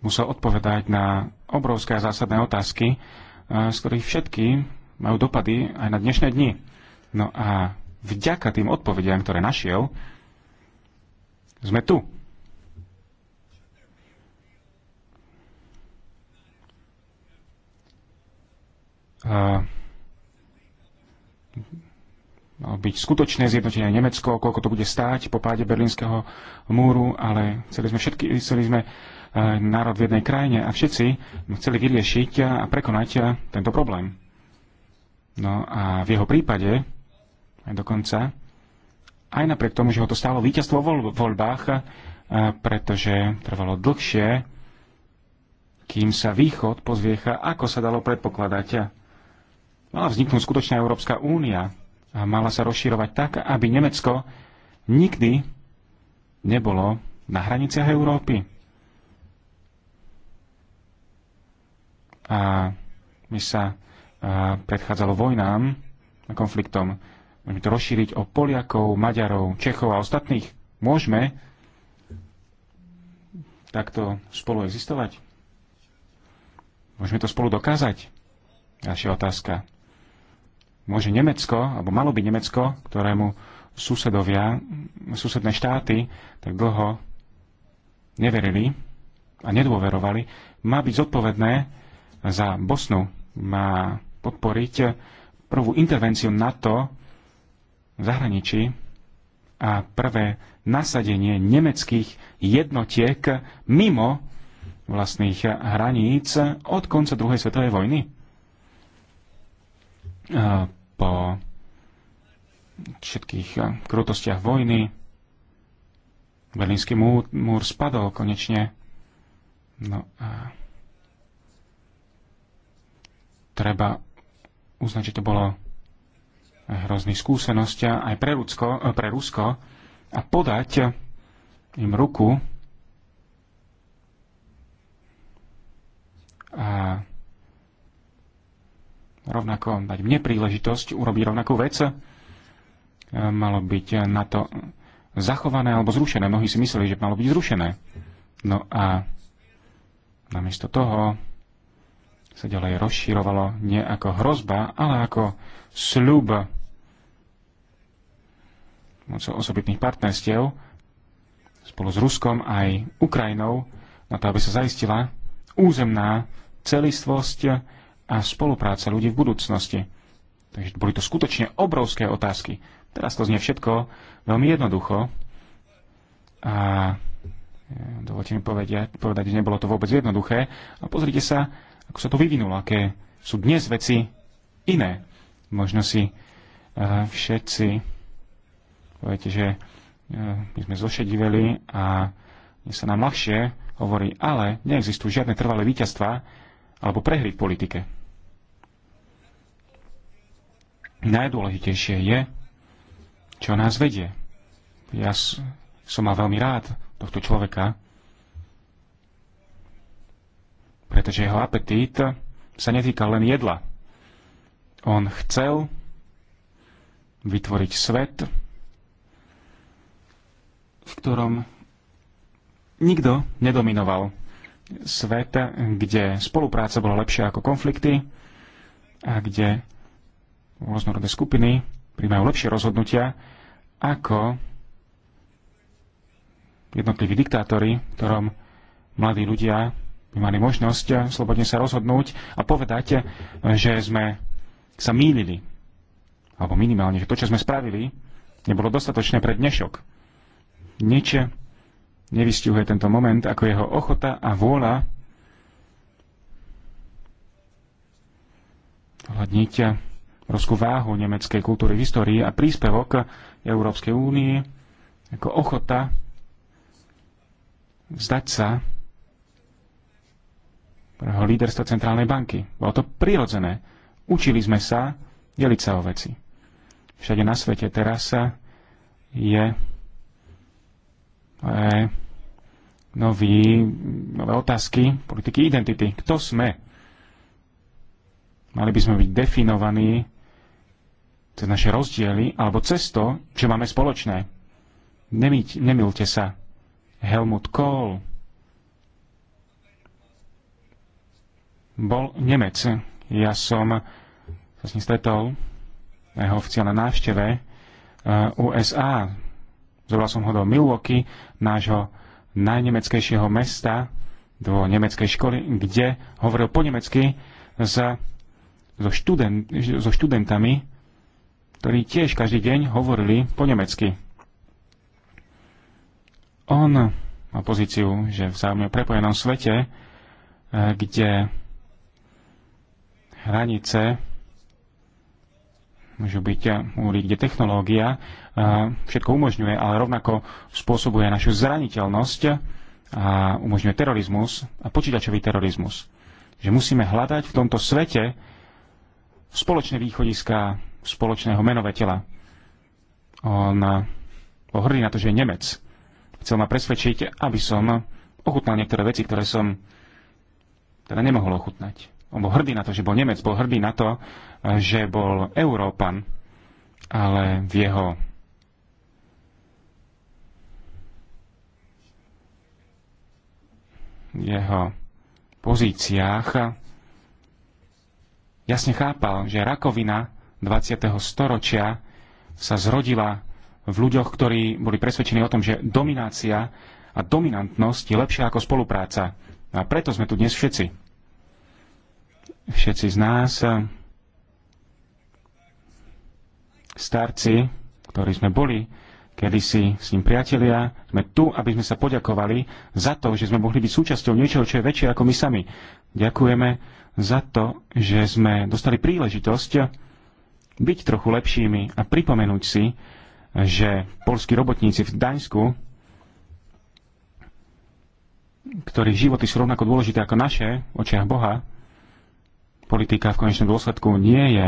musel odpovedať na obrovské a zásadné otázky, eh, z ktorých všetky majú dopady aj na dnešné dni. No a vďaka tým odpovediam, ktoré našiel, sme tu. Eh, malo byť skutočné zjednotenie Nemecko, koľko to bude stáť po páde berlínskeho múru, ale chceli sme všetky, chceli sme E, národ v jednej krajine a všetci chceli vyriešiť a prekonať e, tento problém. No a v jeho prípade, aj dokonca, aj napriek tomu, že ho to stálo víťazstvo vo voľbách, e, pretože trvalo dlhšie, kým sa východ pozviecha, ako sa dalo predpokladať. Mala vzniknúť skutočná Európska únia a mala sa rozširovať tak, aby Nemecko nikdy nebolo na hraniciach Európy. a my sa predchádzalo vojnám a konfliktom. Môžeme to rozšíriť o Poliakov, Maďarov, Čechov a ostatných. Môžeme takto spolu existovať? Môžeme to spolu dokázať? Ďalšia otázka. Môže Nemecko, alebo malo by Nemecko, ktorému susedovia, susedné štáty tak dlho neverili a nedôverovali, má byť zodpovedné za Bosnu má podporiť prvú intervenciu NATO v zahraničí a prvé nasadenie nemeckých jednotiek mimo vlastných hraníc od konca druhej svetovej vojny. Po všetkých krutostiach vojny Berlínsky múr, spadol konečne. No a treba uznať, že to bolo hrozný skúsenosť aj pre, Rusko, eh, pre Rusko a podať im ruku a rovnako dať mne príležitosť urobiť rovnakú vec, eh, malo byť na to zachované alebo zrušené. Mnohí si mysleli, že malo byť zrušené. No a namiesto toho sa ďalej rozširovalo nie ako hrozba, ale ako sľub mocou osobitných partnerstiev spolu s Ruskom aj Ukrajinou na to, aby sa zaistila územná celistvosť a spolupráca ľudí v budúcnosti. Takže boli to skutočne obrovské otázky. Teraz to znie všetko veľmi jednoducho a e, dovolte mi povedať, povedať, že nebolo to vôbec jednoduché. A pozrite sa ako sa to vyvinulo, aké sú dnes veci iné. Možno si uh, všetci poviete, že uh, my sme zošediveli a dnes sa nám ľahšie hovorí, ale neexistujú žiadne trvalé víťazstva alebo prehry v politike. Najdôležitejšie je, čo nás vedie. Ja som mal veľmi rád tohto človeka, pretože jeho apetít sa netýkal len jedla. On chcel vytvoriť svet, v ktorom nikto nedominoval. Svet, kde spolupráca bola lepšia ako konflikty a kde rôznorodé skupiny príjmajú lepšie rozhodnutia ako jednotliví diktátori, ktorom mladí ľudia mali možnosť eh, slobodne sa rozhodnúť a povedať, eh, že sme sa mýlili. Alebo minimálne, že to, čo sme spravili, nebolo dostatočné pre dnešok. Nič nevystihuje tento moment ako jeho ochota a vôľa hľadniť eh, rozkú váhu nemeckej kultúry, v histórii a príspevok Európskej únie ako ochota vzdať sa líderstva Centrálnej banky. Bolo to prirodzené. Učili sme sa deliť sa o veci. Všade na svete teraz sa je e, nový, nové otázky politiky identity. Kto sme? Mali by sme byť definovaní cez naše rozdiely alebo cez to, čo máme spoločné. Nemýť, nemilte sa. Helmut Kohl bol Nemec. Ja som sa s ním stretol na jeho oficiálnej návšteve eh, USA. Zobral som ho do Milwaukee, nášho najnemeckejšieho mesta, do nemeckej školy, kde hovoril po nemecky za, so, študent, so študentami, ktorí tiež každý deň hovorili po nemecky. On má pozíciu, že v zájomne prepojenom svete, eh, kde hranice môžu byť úry, e, kde technológia e, všetko umožňuje, ale rovnako spôsobuje našu zraniteľnosť a umožňuje terorizmus a počítačový terorizmus. Že musíme hľadať v tomto svete spoločné východiska spoločného menovateľa. On e, bol hrdý na to, že je Nemec. Chcel ma presvedčiť, aby som ochutnal niektoré veci, ktoré som teda nemohol ochutnať on bol hrdý na to, že bol Nemec, bol hrdý na to, že bol Európan, ale v jeho jeho pozíciách jasne chápal, že rakovina 20. storočia sa zrodila v ľuďoch, ktorí boli presvedčení o tom, že dominácia a dominantnosť je lepšia ako spolupráca. A preto sme tu dnes všetci všetci z nás, eh, starci, ktorí sme boli kedysi s ním priatelia, sme tu, aby sme sa poďakovali za to, že sme mohli byť súčasťou niečoho, čo je väčšie ako my sami. Ďakujeme za to, že sme dostali príležitosť byť trochu lepšími a pripomenúť si, že polskí robotníci v Daňsku, ktorých životy sú rovnako dôležité ako naše v očiach Boha, politika v konečnom dôsledku nie je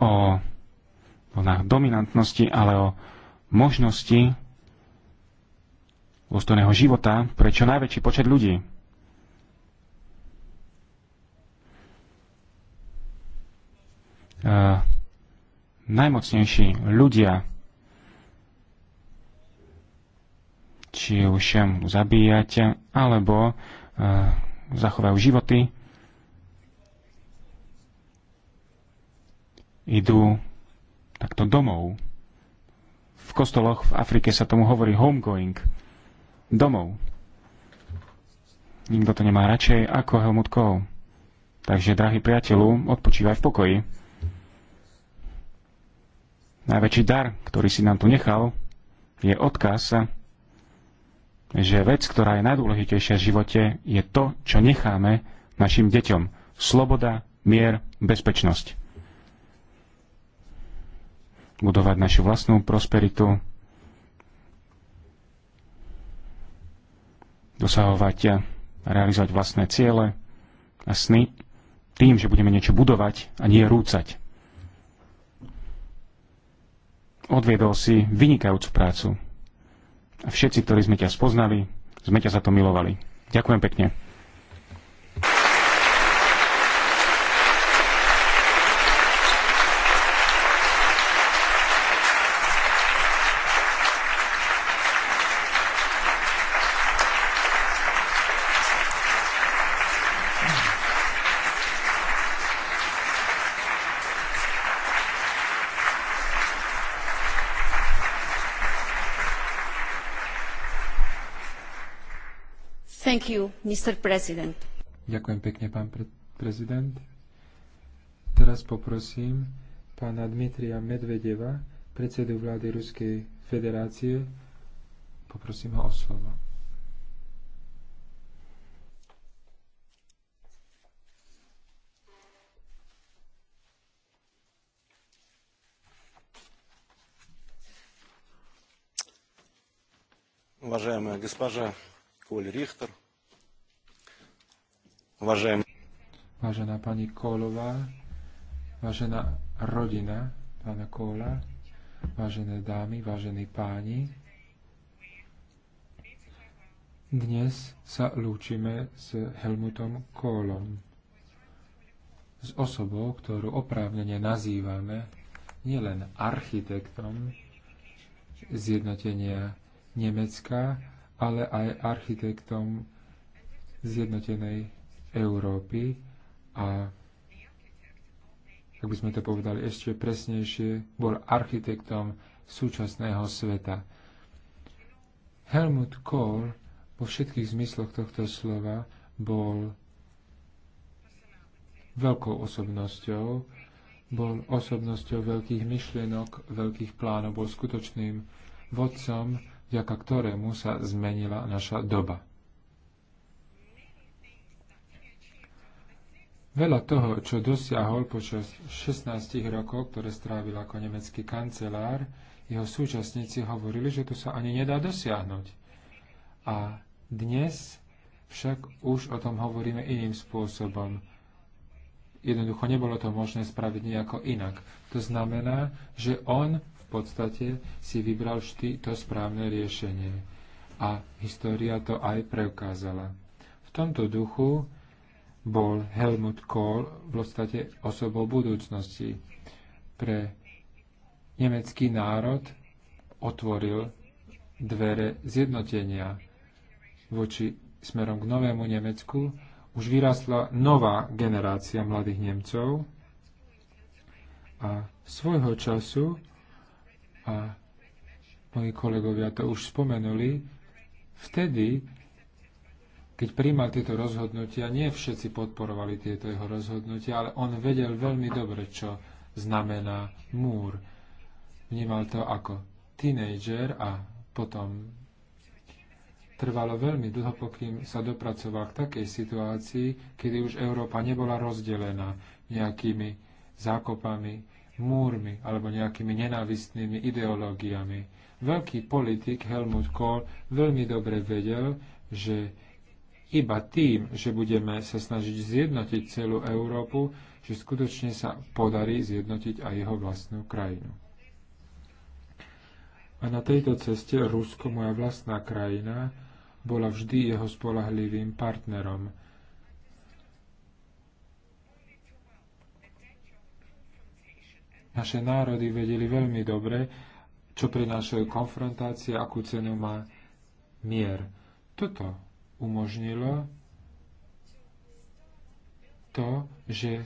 o vlnách dominantnosti, ale o možnosti dôstojného života pre čo najväčší počet ľudí. Uh, najmocnejší ľudia, či už zabíjať, alebo uh, zachovajú životy, idú takto domov. V kostoloch v Afrike sa tomu hovorí homegoing. Domov. Nikto to nemá radšej ako Helmut Kohl. Takže, drahý priateľu, odpočívaj v pokoji. Najväčší dar, ktorý si nám tu nechal, je odkaz, že vec, ktorá je najdôležitejšia v živote, je to, čo necháme našim deťom. Sloboda, mier, bezpečnosť budovať našu vlastnú prosperitu, dosahovať a realizovať vlastné ciele a sny tým, že budeme niečo budovať a nie rúcať. Odviedol si vynikajúcu prácu. A všetci, ktorí sme ťa spoznali, sme ťa za to milovali. Ďakujem pekne. Mr. President. Ďakujem pekne, pán pre- prezident. Teraz poprosím pána Dmitrija Medvedeva, predsedu vlády Ruskej federácie. Poprosím ho o slovo. Уважаемая госпожа Коль Рихтер, Vážený. Vážená pani Kólová, vážená rodina pána Kóla, vážené dámy, vážení páni, dnes sa lúčime s Helmutom Kólom, s osobou, ktorú oprávnene nazývame nielen architektom zjednotenia Nemecka, ale aj architektom zjednotenej Európy a ak by sme to povedali ešte presnejšie, bol architektom súčasného sveta. Helmut Kohl vo všetkých zmysloch tohto slova bol veľkou osobnosťou, bol osobnosťou veľkých myšlienok, veľkých plánov, bol skutočným vodcom, vďaka ktorému sa zmenila naša doba. Veľa toho, čo dosiahol počas 16 rokov, ktoré strávil ako nemecký kancelár, jeho súčasníci hovorili, že to sa ani nedá dosiahnuť. A dnes však už o tom hovoríme iným spôsobom. Jednoducho nebolo to možné spraviť nejako inak. To znamená, že on v podstate si vybral vždy to správne riešenie. A história to aj preukázala. V tomto duchu bol Helmut Kohl v podstate osobou budúcnosti. Pre nemecký národ otvoril dvere zjednotenia voči smerom k novému Nemecku. Už vyrastla nová generácia mladých Nemcov a svojho času, a moji kolegovia to už spomenuli, vtedy keď príjmal tieto rozhodnutia, nie všetci podporovali tieto jeho rozhodnutia, ale on vedel veľmi dobre, čo znamená múr. Vnímal to ako tínejdžer a potom trvalo veľmi dlho, pokým sa dopracoval k takej situácii, kedy už Európa nebola rozdelená nejakými zákopami, múrmi alebo nejakými nenávistnými ideológiami. Veľký politik Helmut Kohl veľmi dobre vedel, že iba tým, že budeme sa snažiť zjednotiť celú Európu, že skutočne sa podarí zjednotiť aj jeho vlastnú krajinu. A na tejto ceste Rusko, moja vlastná krajina, bola vždy jeho spolahlivým partnerom. Naše národy vedeli veľmi dobre, čo prinášajú konfrontácie, akú cenu má mier. Toto umožnilo to, že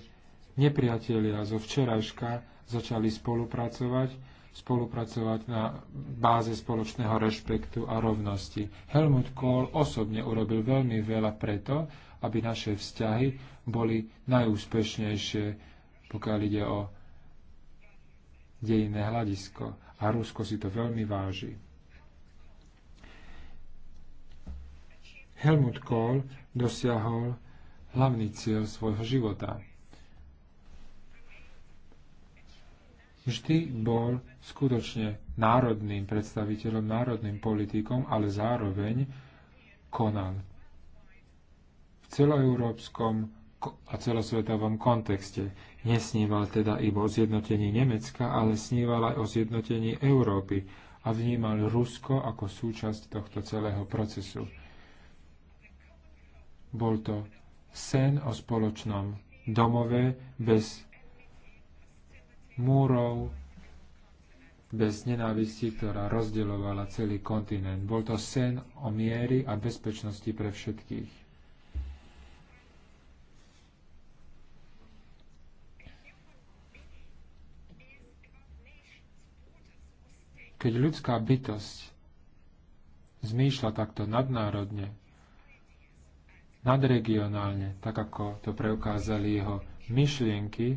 nepriatelia zo včerajška začali spolupracovať, spolupracovať na báze spoločného rešpektu a rovnosti. Helmut Kohl osobne urobil veľmi veľa preto, aby naše vzťahy boli najúspešnejšie, pokiaľ ide o dejinné hľadisko. A Rusko si to veľmi váži. Helmut Kohl dosiahol hlavný cieľ svojho života. Vždy bol skutočne národným predstaviteľom, národným politikom, ale zároveň konal v celoeurópskom a celosvetovom kontexte. Nesníval teda iba o zjednotení Nemecka, ale sníval aj o zjednotení Európy a vnímal Rusko ako súčasť tohto celého procesu. Bol to sen o spoločnom domove bez múrov, bez nenávisti, ktorá rozdeľovala celý kontinent. Bol to sen o miery a bezpečnosti pre všetkých. Keď ľudská bytosť zmýšľa takto nadnárodne, nadregionálne, tak ako to preukázali jeho myšlienky,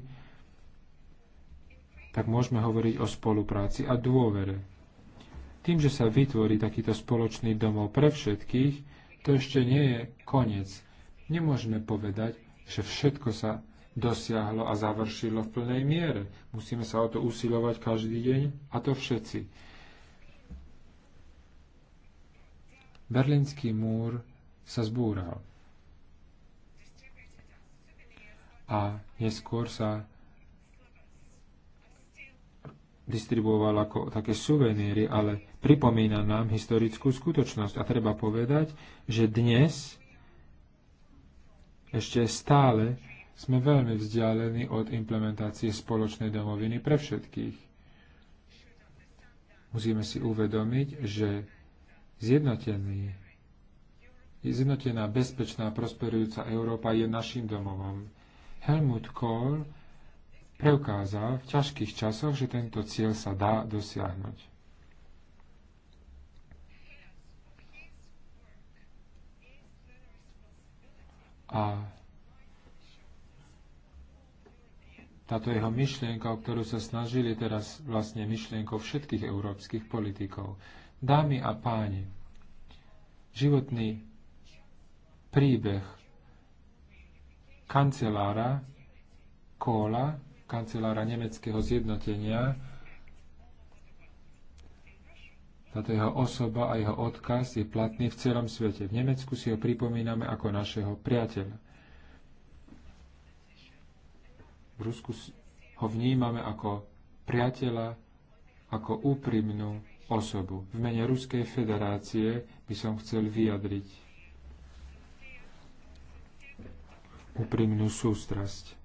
tak môžeme hovoriť o spolupráci a dôvere. Tým, že sa vytvorí takýto spoločný domov pre všetkých, to ešte nie je koniec. Nemôžeme povedať, že všetko sa dosiahlo a završilo v plnej miere. Musíme sa o to usilovať každý deň a to všetci. Berlínsky múr sa zbúral. a neskôr sa distribuoval ako také suveníry, ale pripomína nám historickú skutočnosť. A treba povedať, že dnes ešte stále sme veľmi vzdialení od implementácie spoločnej domoviny pre všetkých. Musíme si uvedomiť, že zjednotený, zjednotená, bezpečná, prosperujúca Európa je našim domovom Helmut Kohl preukázal v ťažkých časoch, že tento cieľ sa dá dosiahnuť. A táto jeho myšlienka, o ktorú sa snažili teraz vlastne myšlienkou všetkých európskych politikov. Dámy a páni, životný príbeh kancelára Kóla, kancelára nemeckého zjednotenia, táto jeho osoba a jeho odkaz je platný v celom svete. V Nemecku si ho pripomíname ako našeho priateľa. V Rusku ho vnímame ako priateľa, ako úprimnú osobu. V mene Ruskej federácie by som chcel vyjadriť úprimnú sústrasť.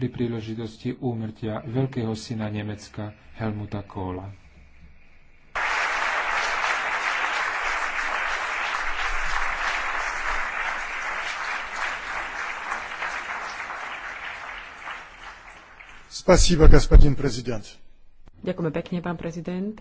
pri príležitosti úmrtia veľkého syna Nemecka Helmuta Kóla. Спасибо, господин президент. Ďakujeme pekne, pán prezident.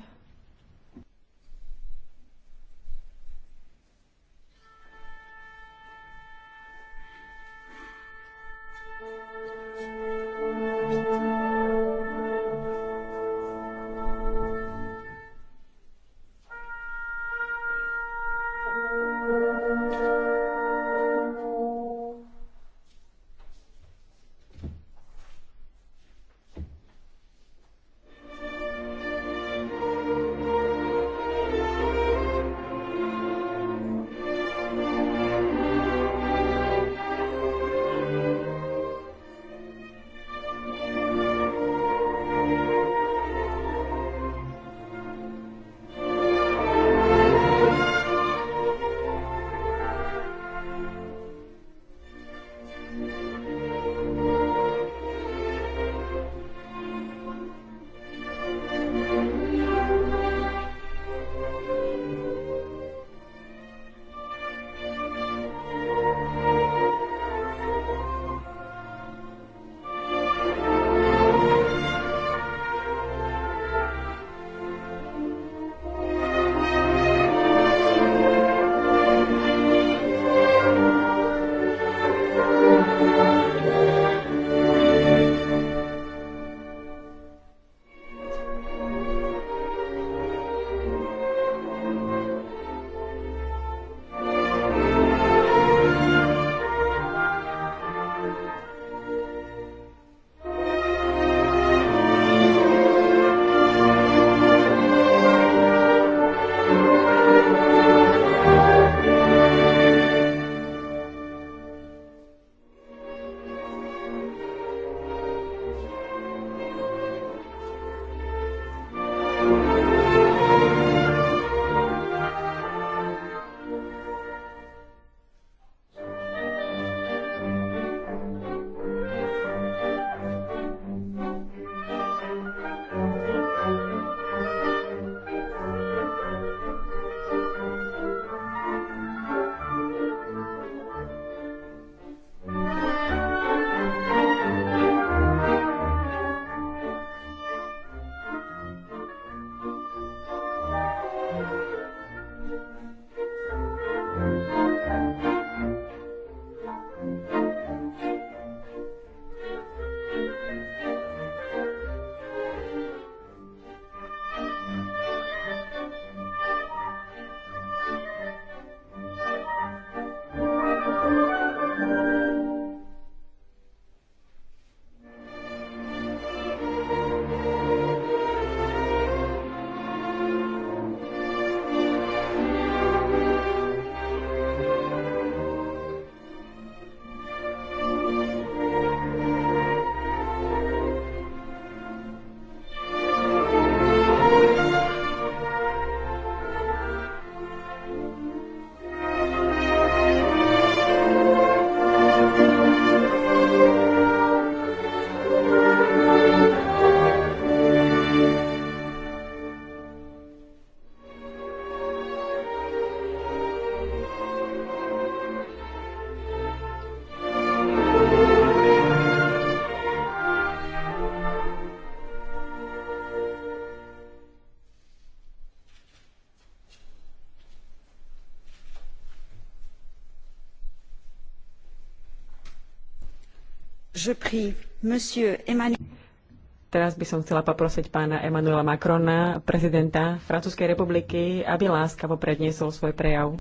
Teraz by som chcela poprosiť pána Emmanuela Macrona, prezidenta Francúzskej republiky, aby láskavo predniesol svoj prejav.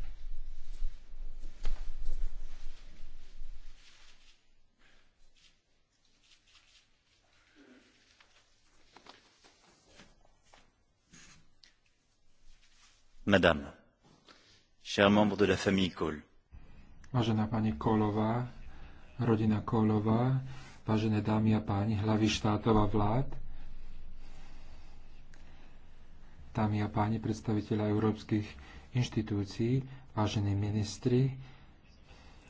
Madame, chers membres de la famille Kohl. Vážená pani Kolová, rodina Kolová, vážené dámy a páni, hlavy štátov a vlád, dámy a páni, predstaviteľa európskych inštitúcií, vážení ministri,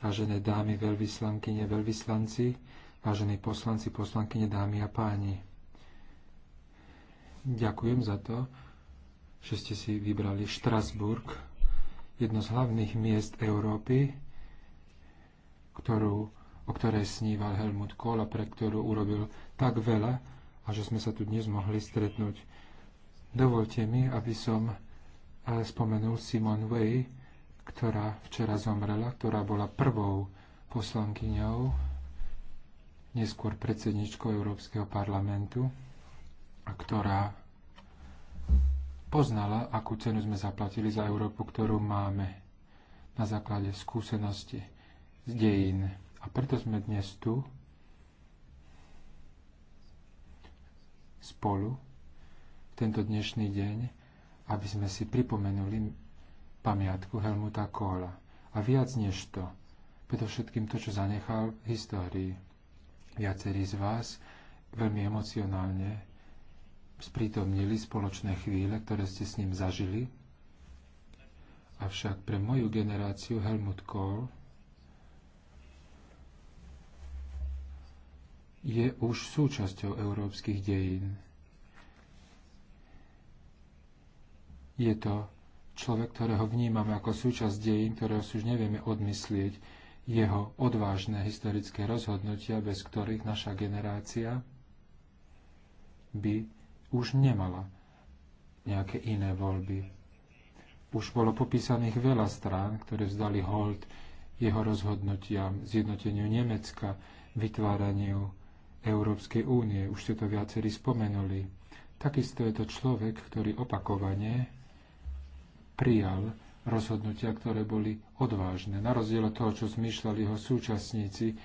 vážené dámy, veľvyslankyne, veľvyslanci, vážení poslanci, poslankyne, dámy a páni. Ďakujem za to, že ste si vybrali Štrasburg, jedno z hlavných miest Európy, ktorú o ktorej sníval Helmut Kohl a pre ktorú urobil tak veľa a že sme sa tu dnes mohli stretnúť. Dovolte mi, aby som eh, spomenul Simon Way, ktorá včera zomrela, ktorá bola prvou poslankyňou, neskôr predsedničkou Európskeho parlamentu a ktorá poznala, akú cenu sme zaplatili za Európu, ktorú máme na základe skúsenosti z dejín preto sme dnes tu spolu tento dnešný deň, aby sme si pripomenuli pamiatku Helmuta Kohla. A viac než to, všetkým to, čo zanechal v histórii. Viacerí z vás veľmi emocionálne sprítomnili spoločné chvíle, ktoré ste s ním zažili. Avšak pre moju generáciu Helmut Kohl je už súčasťou európskych dejín. Je to človek, ktorého vnímame ako súčasť dejín, ktorého si už nevieme odmyslieť, jeho odvážne historické rozhodnutia, bez ktorých naša generácia by už nemala nejaké iné voľby. Už bolo popísaných veľa strán, ktoré vzdali hold jeho rozhodnutiam, zjednoteniu Nemecka, vytváraniu Európskej únie. Už ste to viacerí spomenuli. Takisto je to človek, ktorý opakovane prijal rozhodnutia, ktoré boli odvážne. Na rozdiel od toho, čo zmýšľali jeho súčasníci,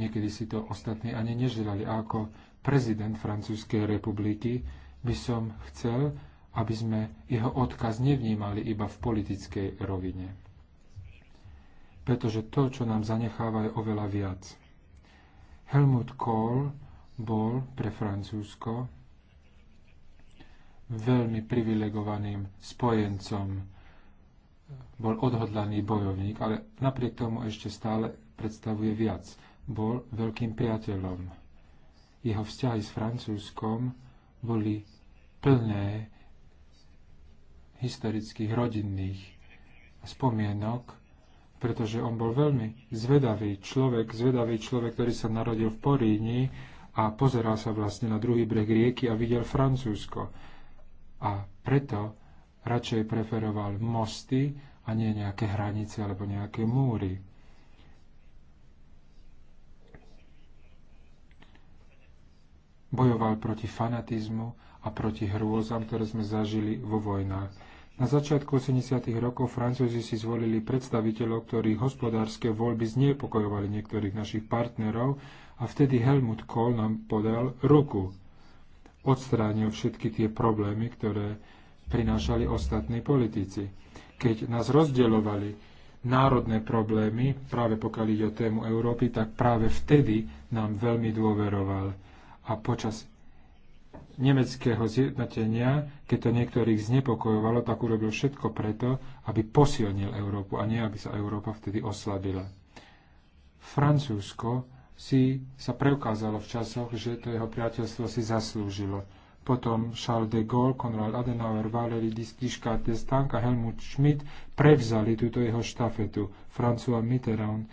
niekedy si to ostatní ani neželali. A ako prezident Francúzskej republiky by som chcel, aby sme jeho odkaz nevnímali iba v politickej rovine. Pretože to, čo nám zanecháva, je oveľa viac. Helmut Kohl bol pre Francúzsko veľmi privilegovaným spojencom. Bol odhodlaný bojovník, ale napriek tomu ešte stále predstavuje viac. Bol veľkým priateľom. Jeho vzťahy s Francúzskom boli plné historických rodinných spomienok pretože on bol veľmi zvedavý človek, zvedavý človek, ktorý sa narodil v Poríni a pozeral sa vlastne na druhý breh rieky a videl Francúzsko. A preto radšej preferoval mosty a nie nejaké hranice alebo nejaké múry. Bojoval proti fanatizmu a proti hrôzam, ktoré sme zažili vo vojnách na začiatku 80. rokov Francúzi si zvolili predstaviteľov, ktorí hospodárske voľby znepokojovali niektorých našich partnerov a vtedy Helmut Kohl nám podal ruku. Odstránil všetky tie problémy, ktoré prinášali ostatní politici. Keď nás rozdielovali národné problémy, práve pokiaľ ide o tému Európy, tak práve vtedy nám veľmi dôveroval. A počas nemeckého zjednotenia, keď to niektorých znepokojovalo, tak urobil všetko preto, aby posilnil Európu a nie, aby sa Európa vtedy oslabila. Francúzsko si sa preukázalo v časoch, že to jeho priateľstvo si zaslúžilo. Potom Charles de Gaulle, Konrad Adenauer, Valéry Giscard d'Estaing a Helmut Schmidt prevzali túto jeho štafetu. François Mitterrand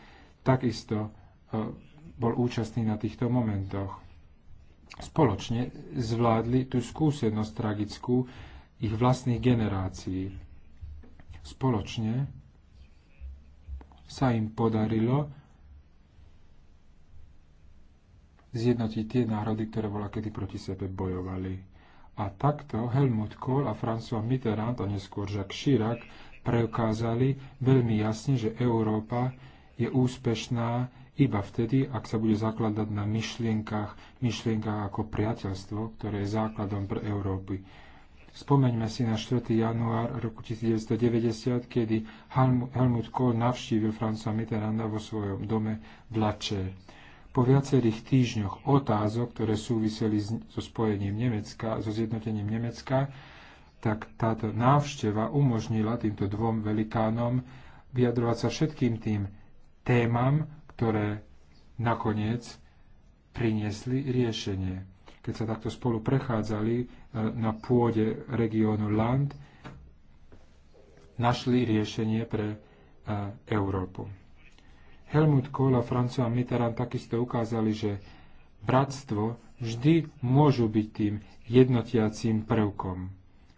takisto eh, bol účastný na týchto momentoch spoločne zvládli tú skúsenosť tragickú ich vlastných generácií. Spoločne sa im podarilo zjednotiť tie národy, ktoré bola kedy proti sebe bojovali. A takto Helmut Kohl a François Mitterrand a neskôr Jacques Chirac preukázali veľmi jasne, že Európa je úspešná iba vtedy, ak sa bude zakladať na myšlienkach, myšlienkach ako priateľstvo, ktoré je základom pre Európy. Spomeňme si na 4. január roku 1990, kedy Helmut Kohl navštívil Franca Mitterranda vo svojom dome v Lače. Po viacerých týždňoch otázok, ktoré súviseli so spojením Nemecka, so zjednotením Nemecka, tak táto návšteva umožnila týmto dvom velikánom vyjadrovať sa všetkým tým témam, ktoré nakoniec priniesli riešenie. Keď sa takto spolu prechádzali e, na pôde regiónu Land, našli riešenie pre e, Európu. Helmut Kohl a François Mitterrand takisto ukázali, že bratstvo vždy môžu byť tým jednotiacím prvkom,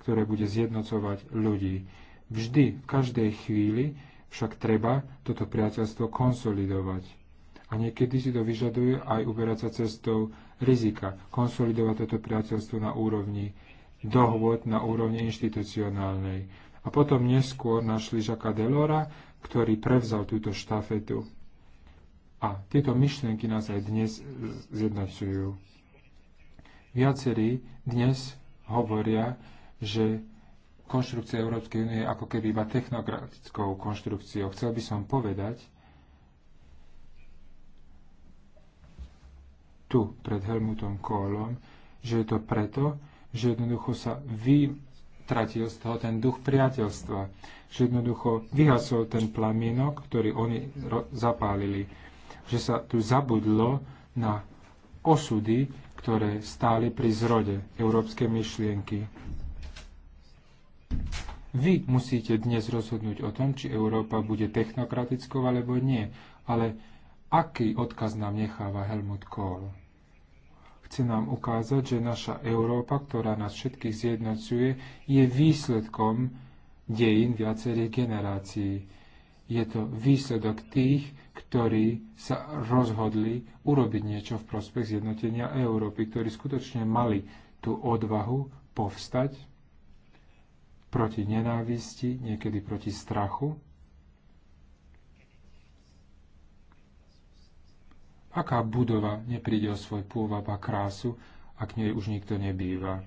ktoré bude zjednocovať ľudí. Vždy, v každej chvíli však treba toto priateľstvo konsolidovať. A niekedy si to vyžaduje aj uberať sa cestou rizika, konsolidovať toto priateľstvo na úrovni dohôd, na úrovni inštitucionálnej. A potom neskôr našli Žaka Delora, ktorý prevzal túto štafetu. A tieto myšlienky nás aj dnes zjednačujú. Viacerí dnes hovoria, že konštrukcia Európskej únie ako keby iba technokratickou konštrukciou. Chcel by som povedať, tu pred Helmutom Kohlom, že je to preto, že jednoducho sa vytratil z toho ten duch priateľstva, že jednoducho vyhasol ten plamienok, ktorý oni zapálili, že sa tu zabudlo na osudy, ktoré stáli pri zrode európskej myšlienky. Vy musíte dnes rozhodnúť o tom, či Európa bude technokratickou alebo nie, ale aký odkaz nám necháva Helmut Kohl? Chce nám ukázať, že naša Európa, ktorá nás všetkých zjednocuje, je výsledkom dejín viacerých generácií. Je to výsledok tých, ktorí sa rozhodli urobiť niečo v prospech zjednotenia Európy, ktorí skutočne mali tú odvahu povstať proti nenávisti, niekedy proti strachu. Aká budova nepríde o svoj pôvab a krásu, ak nej už nikto nebýva?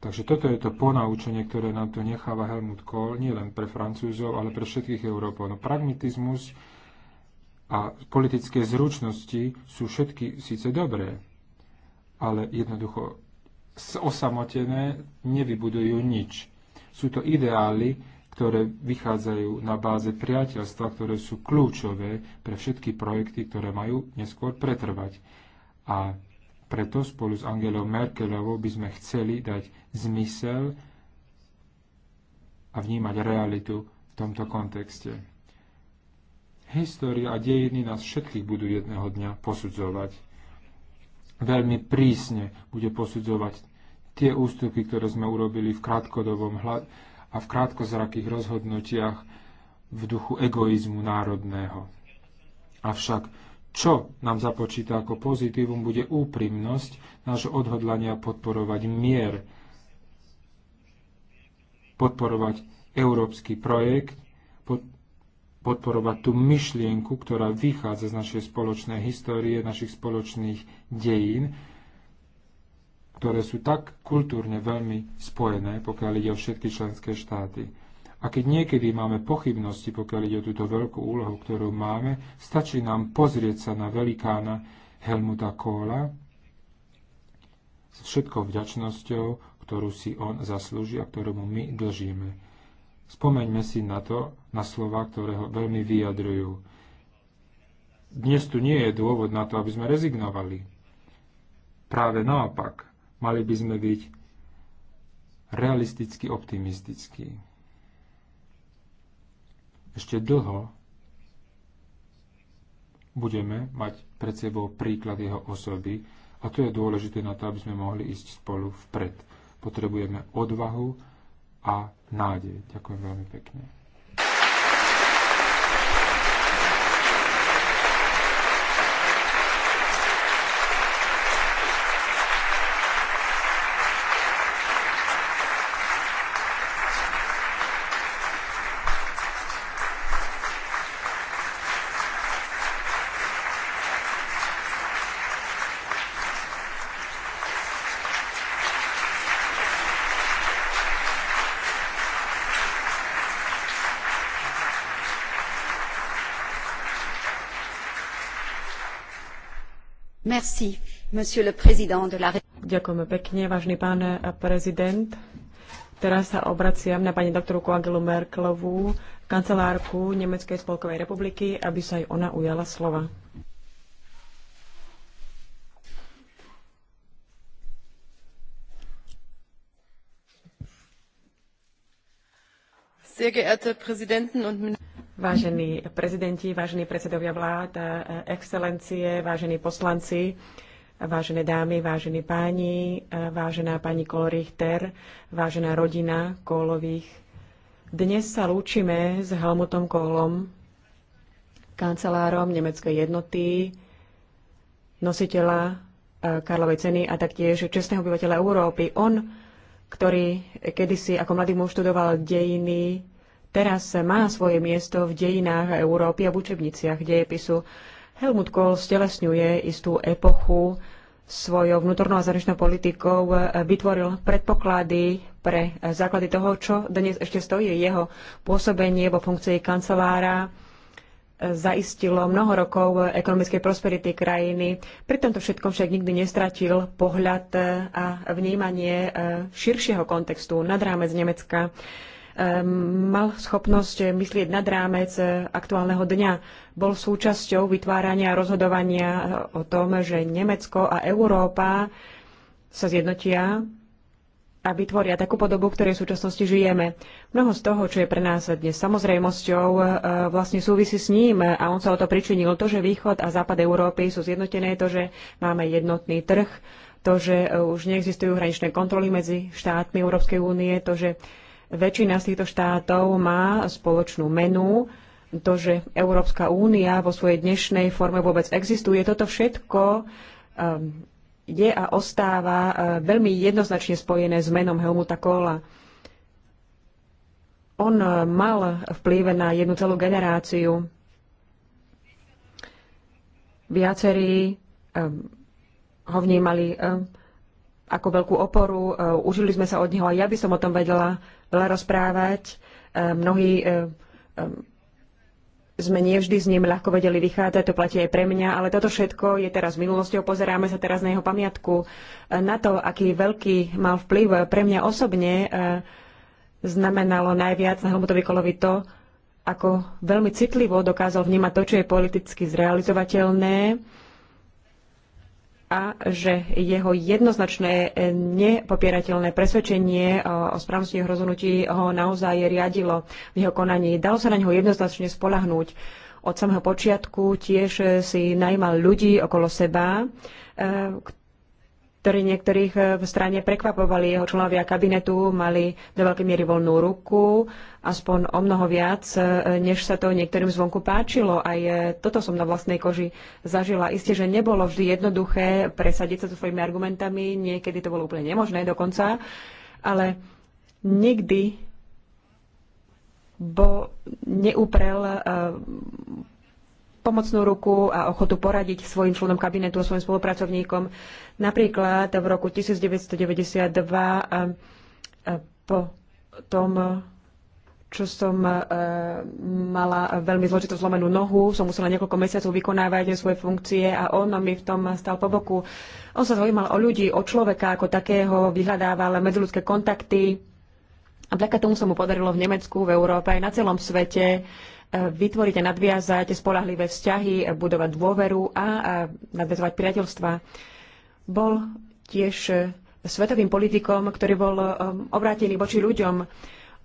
Takže toto je to ponaučenie, ktoré nám to necháva Helmut Kohl, nie len pre Francúzov, ale pre všetkých No, Pragmatizmus a politické zručnosti sú všetky síce dobré, ale jednoducho osamotené nevybudujú nič. Sú to ideály, ktoré vychádzajú na báze priateľstva, ktoré sú kľúčové pre všetky projekty, ktoré majú neskôr pretrvať. A preto spolu s Angelou Merkelovou by sme chceli dať zmysel a vnímať realitu v tomto kontexte. História a dejiny nás všetkých budú jedného dňa posudzovať. Veľmi prísne bude posudzovať tie ústupy, ktoré sme urobili v krátkodobom hľad a v krátkozrakých rozhodnutiach v duchu egoizmu národného. Avšak čo nám započíta ako pozitívum, bude úprimnosť nášho odhodlania podporovať mier, podporovať európsky projekt, pod, podporovať tú myšlienku, ktorá vychádza z našej spoločnej histórie, našich spoločných dejín, ktoré sú tak kultúrne veľmi spojené, pokiaľ ide o všetky členské štáty. A keď niekedy máme pochybnosti, pokiaľ ide o túto veľkú úlohu, ktorú máme, stačí nám pozrieť sa na velikána Helmuta Kohla s všetkou vďačnosťou, ktorú si on zaslúži a ktorú mu my dlžíme. Spomeňme si na to, na slova, ktoré ho veľmi vyjadrujú. Dnes tu nie je dôvod na to, aby sme rezignovali. Práve naopak, Mali by sme byť realisticky optimistickí. Ešte dlho budeme mať pred sebou príklad jeho osoby a to je dôležité na to, aby sme mohli ísť spolu vpred. Potrebujeme odvahu a nádej. Ďakujem veľmi pekne. Ďakujeme pekne, vážny pán prezident. Teraz sa obraciam na pani doktorku Angelu Merkelovú, kancelárku Nemeckej spolkovej republiky, aby sa aj ona ujala slova. Sehr geehrte Präsidenten und Minister Vážení prezidenti, vážení predsedovia vlád, excelencie, vážení poslanci, vážené dámy, vážení páni, vážená pani kolorichter, vážená rodina Kólových. Dnes sa lúčime s Helmutom kólom, kancelárom Nemeckej jednoty, nositeľa eh, Karlovej ceny a taktiež čestného obyvateľa Európy. On, ktorý kedysi ako mladý muž študoval dejiny teraz má svoje miesto v dejinách Európy a v učebniciach dejepisu. Helmut Kohl stelesňuje istú epochu svojou vnútornou a zahraničnou politikou, vytvoril predpoklady pre základy toho, čo dnes ešte stojí. Jeho pôsobenie vo funkcii kancelára zaistilo mnoho rokov ekonomickej prosperity krajiny. Pri tomto všetkom však nikdy nestratil pohľad a vnímanie širšieho kontextu nad rámec Nemecka. Ehm, mal schopnosť myslieť nad rámec eh, aktuálneho dňa. Bol súčasťou vytvárania a rozhodovania eh, o tom, že Nemecko a Európa sa zjednotia a vytvoria takú podobu, v ktorej v súčasnosti žijeme. Mnoho z toho, čo je pre nás dnes samozrejmosťou, eh, vlastne súvisí s ním a on sa o to pričinil. To, že východ a západ Európy sú zjednotené, to, že máme jednotný trh, to, že už neexistujú hraničné kontroly medzi štátmi Európskej únie, to, že Väčšina z týchto štátov má spoločnú menu. To, že Európska únia vo svojej dnešnej forme vôbec existuje, toto všetko ehm, je a ostáva ehm, veľmi jednoznačne spojené s menom Helmuta Kola. On ehm, mal vplyv na jednu celú generáciu. Viacerí ho vnímali ako veľkú oporu. E, užili sme sa od neho a ja by som o tom vedela veľa rozprávať. E, mnohí e, sme nevždy s ním ľahko vedeli vychádzať, to platí aj pre mňa, ale toto všetko je teraz minulosťou, pozeráme sa teraz na jeho pamiatku, na to, aký veľký mal vplyv pre mňa osobne, znamenalo najviac na Helmutovi Kolovi to, ako veľmi citlivo dokázal vnímať to, čo je politicky zrealizovateľné, a že jeho jednoznačné e, nepopierateľné presvedčenie e, o, správnosti jeho rozhodnutí ho naozaj riadilo v jeho konaní. Dalo sa na neho jednoznačne spolahnúť. Od samého počiatku tiež si najmal ľudí okolo seba, e, ktorí niektorých eh, v strane prekvapovali. Jeho členovia kabinetu mali do veľkej miery voľnú ruku, aspoň o mnoho viac, eh, než sa to niektorým zvonku páčilo. Aj toto som na vlastnej koži zažila. Isté, že nebolo vždy jednoduché presadiť sa so svojimi argumentami, niekedy to bolo úplne nemožné dokonca, ale nikdy bo neuprel eh, pomocnú ruku a ochotu poradiť svojim členom kabinetu a svojim spolupracovníkom. Napríklad v roku 1992 eh, eh, po tom, čo som eh, mala veľmi zložitú zlomenú nohu, som musela niekoľko mesiacov vykonávať svoje funkcie a on mi v tom stal po boku. On sa zaujímal o ľudí, o človeka ako takého, vyhľadával medziludské kontakty a vďaka tomu sa mu podarilo v Nemecku, v Európe aj na celom svete vytvoriť a nadviazať spolahlivé vzťahy, budovať dôveru a nadviazovať priateľstva. Bol tiež svetovým politikom, ktorý bol um, obrátený voči ľuďom.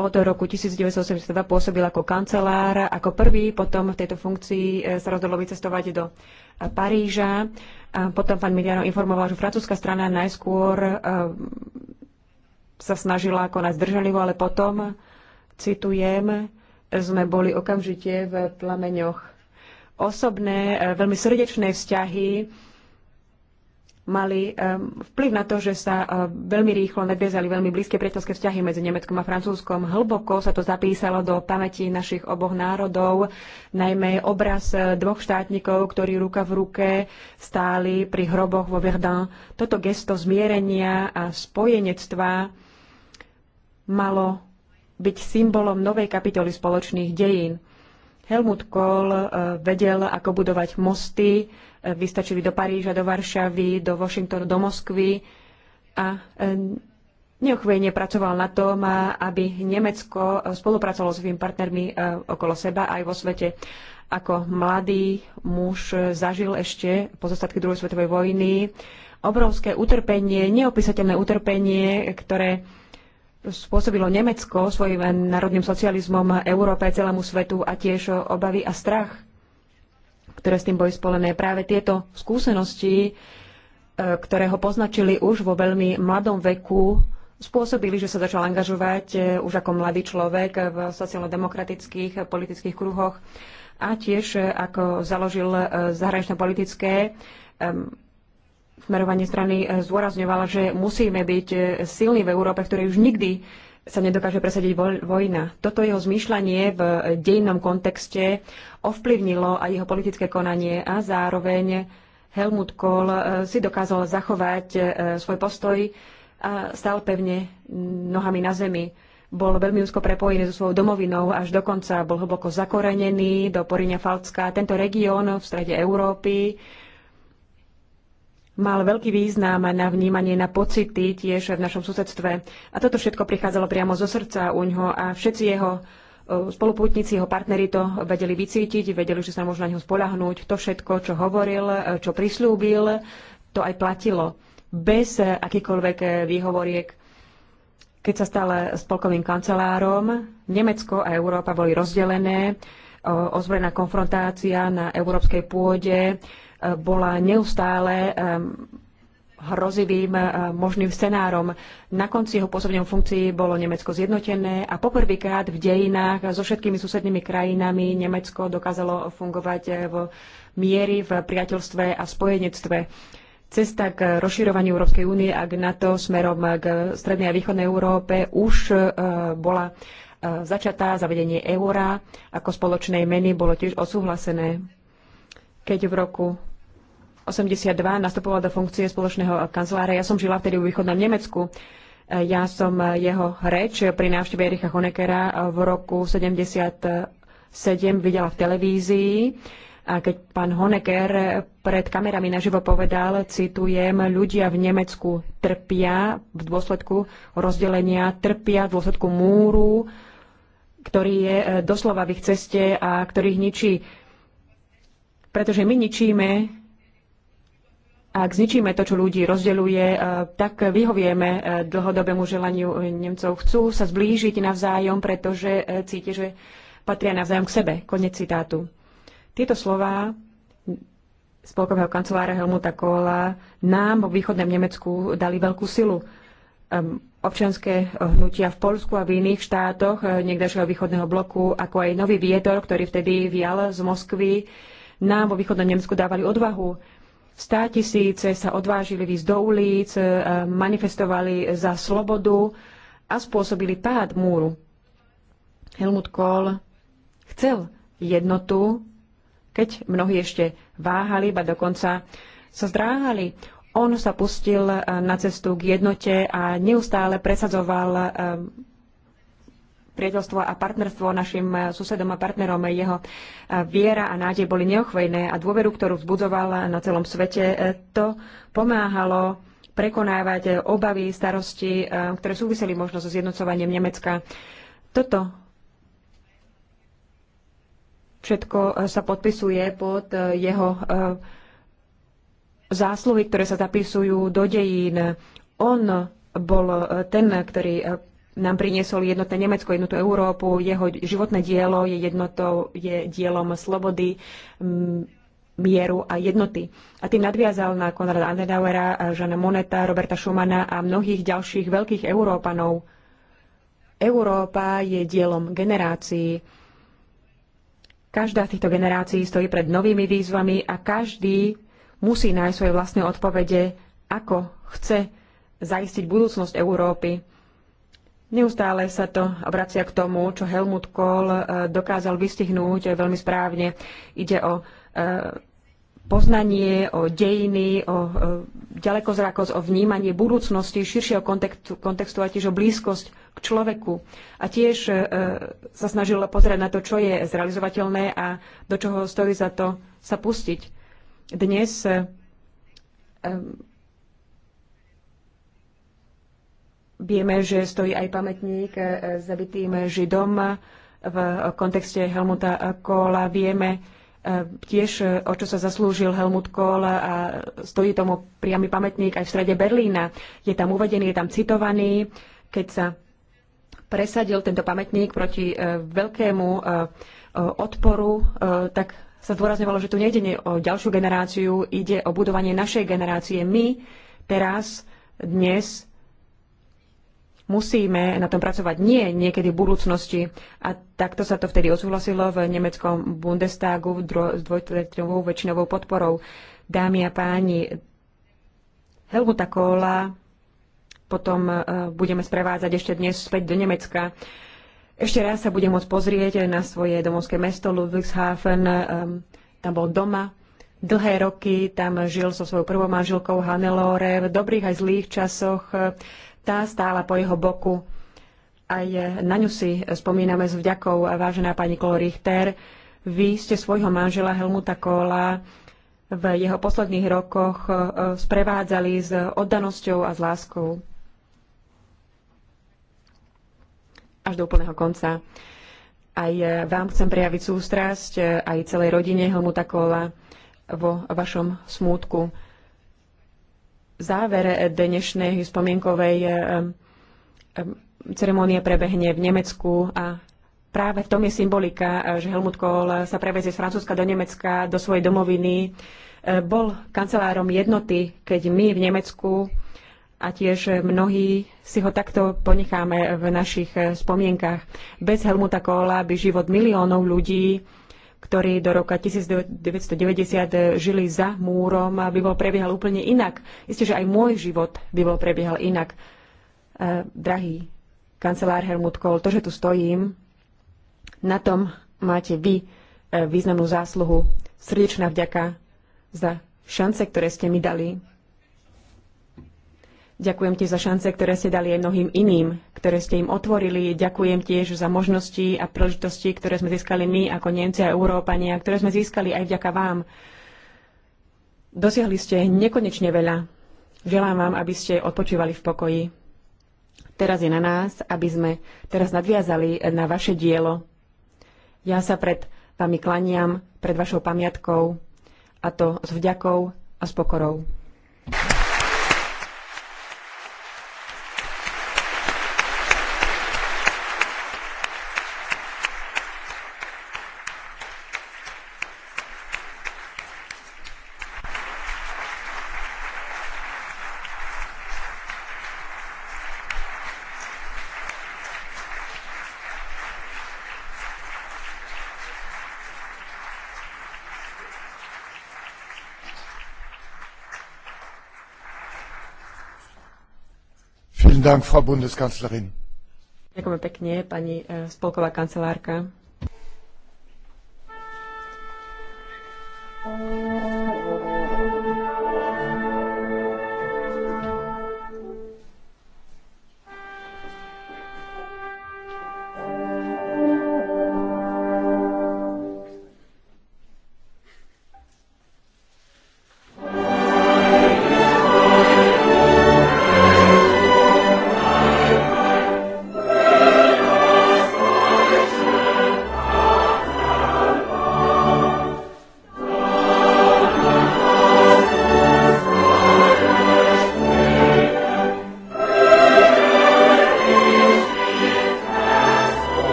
Od roku 1982 pôsobil ako kancelár, ako prvý, potom v tejto funkcii e, sa rozhodol vycestovať do e, Paríža. potom pán Miliano informoval, že francúzska strana najskôr e, sa snažila konať zdržanlivo, ale potom, citujem, sme boli okamžite v plameňoch. Osobné, e, veľmi srdečné vzťahy mali e, vplyv na to, že sa e, veľmi rýchlo nadviazali veľmi blízke priateľské vzťahy medzi Nemeckom a Francúzskom. Hlboko sa to zapísalo do pamäti našich oboch národov, najmä obraz dvoch štátnikov, ktorí ruka v ruke stáli pri hroboch vo Verdun. Toto gesto zmierenia a spojenectva malo byť symbolom novej kapitoly spoločných dejín. Helmut Kohl e, vedel, ako budovať mosty, e, vystačili do Paríža, do Varšavy, do Washingtonu, do Moskvy a e, neochvejne pracoval na tom, aby Nemecko spolupracovalo s svojimi partnermi okolo seba aj vo svete. Ako mladý muž zažil ešte pozostatky druhej svetovej vojny, obrovské utrpenie, neopísateľné utrpenie, ktoré spôsobilo Nemecko svojim národným socializmom Európe, celému svetu a tiež obavy a strach, ktoré s tým boli spolené. Práve tieto skúsenosti, e, ktoré ho poznačili už vo veľmi mladom veku, spôsobili, že sa začal angažovať e, už ako mladý človek v sociálno-demokratických politických kruhoch a tiež e, ako založil zahranično-politické smerovanie strany e, zdôrazňovala, že musíme byť e, silní v Európe, ktorej už nikdy sa nedokáže presadiť vojna. Toto jeho zmýšľanie v e, dejnom kontexte ovplyvnilo aj jeho politické konanie a zároveň Helmut Kohl si dokázal zachovať svoj postoj a stal pevne nohami na zemi. Bol veľmi úzko prepojený so svojou domovinou, až dokonca bol hlboko zakorenený do Porinia Falcka. Tento región v strede Európy mal veľký význam na vnímanie, na pocity tiež v našom susedstve. A toto všetko prichádzalo priamo zo srdca u ňoho a všetci jeho e, spoluputníci, jeho partneri to vedeli vycítiť, vedeli, že sa môžu na neho spolahnúť. To všetko, čo hovoril, e, čo prislúbil, to aj platilo. Bez e, akýkoľvek výhovoriek. Keď sa stal spolkovým kancelárom, Nemecko a Európa boli rozdelené ozbrojená konfrontácia na európskej pôde e, bola neustále hrozivým e, možným scenárom. Na konci jeho pôsobnej funkcii bolo Nemecko zjednotené a poprvýkrát v dejinách so všetkými susednými krajinami Nemecko dokázalo fungovať e, v miery, v priateľstve a spojenectve. Cesta k rozširovaniu Európskej únie a k NATO smerom k strednej a východnej Európe už bola E, začatá, zavedenie eura ako spoločnej meny bolo tiež odsúhlasené. Keď v roku 82 nastupoval do funkcie spoločného kancelára, ja som žila vtedy v východnom Nemecku. E, ja som e, jeho reč pri návšteve Ericha Honeckera v roku 77 videla v televízii. A keď pán Honecker pred kamerami naživo povedal, citujem, ľudia v Nemecku trpia v dôsledku rozdelenia, trpia v dôsledku múru, ktorý je e, doslova v ich ceste a ktorý ich ničí. Pretože my ničíme, ak zničíme to, čo ľudí rozdeľuje, e, tak vyhovieme e, dlhodobému želaniu Nemcov. Chcú sa zblížiť navzájom, pretože cíti, že patria navzájom k sebe. Konec citátu. Tieto slova spolkového kancelára Helmuta Kohla nám v východnom Nemecku dali veľkú silu občianske eh, hnutia v Polsku a v iných štátoch eh, niekdajšieho východného bloku, ako aj nový vietor, ktorý vtedy vial z Moskvy, nám vo východnom Nemsku dávali odvahu. Stá tisíce sa odvážili výsť do ulic, eh, manifestovali za slobodu a spôsobili pád múru. Helmut Kohl chcel jednotu, keď mnohí ešte váhali, ba dokonca sa zdráhali on sa pustil eh, na cestu k jednote a neustále presadzoval eh, priateľstvo a partnerstvo našim eh, susedom a partnerom. Jeho viera a nádej boli neochvejné a dôveru, ktorú vzbudzoval na celom svete, to pomáhalo prekonávať obavy, starosti, ktoré súviseli možno so zjednocovaním Nemecka. Toto všetko sa podpisuje pod jeho zásluhy, ktoré sa zapisujú do dejín. On bol ten, ktorý eh, nám priniesol jednotné Nemecko, jednotú Európu. Jeho životné dielo je jednotou, je dielom slobody, mieru a jednoty. A tým nadviazal na Konrada Adenauera, Žana Moneta, Roberta Schumana a mnohých ďalších veľkých Európanov. Európa je dielom generácií. Každá z týchto generácií stojí pred novými výzvami a každý musí nájsť svoje vlastné odpovede, ako chce zaistiť budúcnosť Európy. Neustále sa to obracia k tomu, čo Helmut Kohl e, dokázal vystihnúť e, veľmi správne. Ide o e, poznanie, o dejiny, o ďalekozrakosť, o vnímanie budúcnosti, širšieho kontextu, kontextu a tiež o blízkosť k človeku. A tiež sa snažil pozerať na to, čo je zrealizovateľné a do čoho stojí za to sa pustiť. Dnes eh, vieme, že stojí aj pamätník eh, zabitým Židom v kontexte Helmuta Kola. Vieme eh, tiež, o čo sa zaslúžil Helmut Kohl a stojí tomu priamy pamätník aj v strede Berlína. Je tam uvedený, je tam citovaný, keď sa presadil tento pamätník proti veľkému odporu, tak sa zdôrazňovalo, že tu nejde o ďalšiu generáciu, ide o budovanie našej generácie. My teraz, dnes musíme na tom pracovať nie niekedy v budúcnosti. A takto sa to vtedy odsúhlasilo v nemeckom Bundestagu s dvojtretinovou väčšinovou podporou. Dámy a páni, Helmuta Kohla potom eh, budeme sprevádzať ešte dnes späť do Nemecka. Ešte raz sa budem môcť pozrieť na svoje domovské mesto Ludwigshafen. Ehm, tam bol doma dlhé roky, tam žil so svojou prvou manželkou Hannelore v dobrých aj zlých časoch. Tá stála po jeho boku. Aj na ňu si spomíname s vďakou, vážená pani Kolo Richter. Vy ste svojho manžela Helmuta Kola v jeho posledných rokoch eh, sprevádzali s oddanosťou a s láskou. až do úplného konca. Aj e, vám chcem prejaviť sústrasť, e, aj celej rodine Helmuta Kola vo vašom smútku. Záver dnešnej spomienkovej e, ceremonie prebehne v Nemecku a práve v tom je symbolika, že Helmut Kohl sa prevezie z Francúzska do Nemecka, do svojej domoviny. Bol kancelárom jednoty, keď my v Nemecku a tiež mnohí si ho takto ponecháme v našich spomienkach. Bez Helmuta Kohla by život miliónov ľudí, ktorí do roka 1990 žili za múrom, by bol prebiehal úplne inak. Isté, že aj môj život by bol prebiehal inak. Eh, drahý kancelár Helmut Kohl, to, že tu stojím, na tom máte vy e, významnú zásluhu. Srdečná vďaka za šance, ktoré ste mi dali Ďakujem ti za šance, ktoré ste dali aj mnohým iným, ktoré ste im otvorili. Ďakujem tiež za možnosti a príležitosti, ktoré sme získali my ako Nemci a Európania, ktoré sme získali aj vďaka vám. Dosiahli ste nekonečne veľa. Želám vám, aby ste odpočívali v pokoji. Teraz je na nás, aby sme teraz nadviazali na vaše dielo. Ja sa pred vami klaniam, pred vašou pamiatkou, a to s vďakou a s pokorou. Vielen Dank, Frau Bundeskanzlerin. Ďakujeme pekne, pani eh, spolková kancelárka.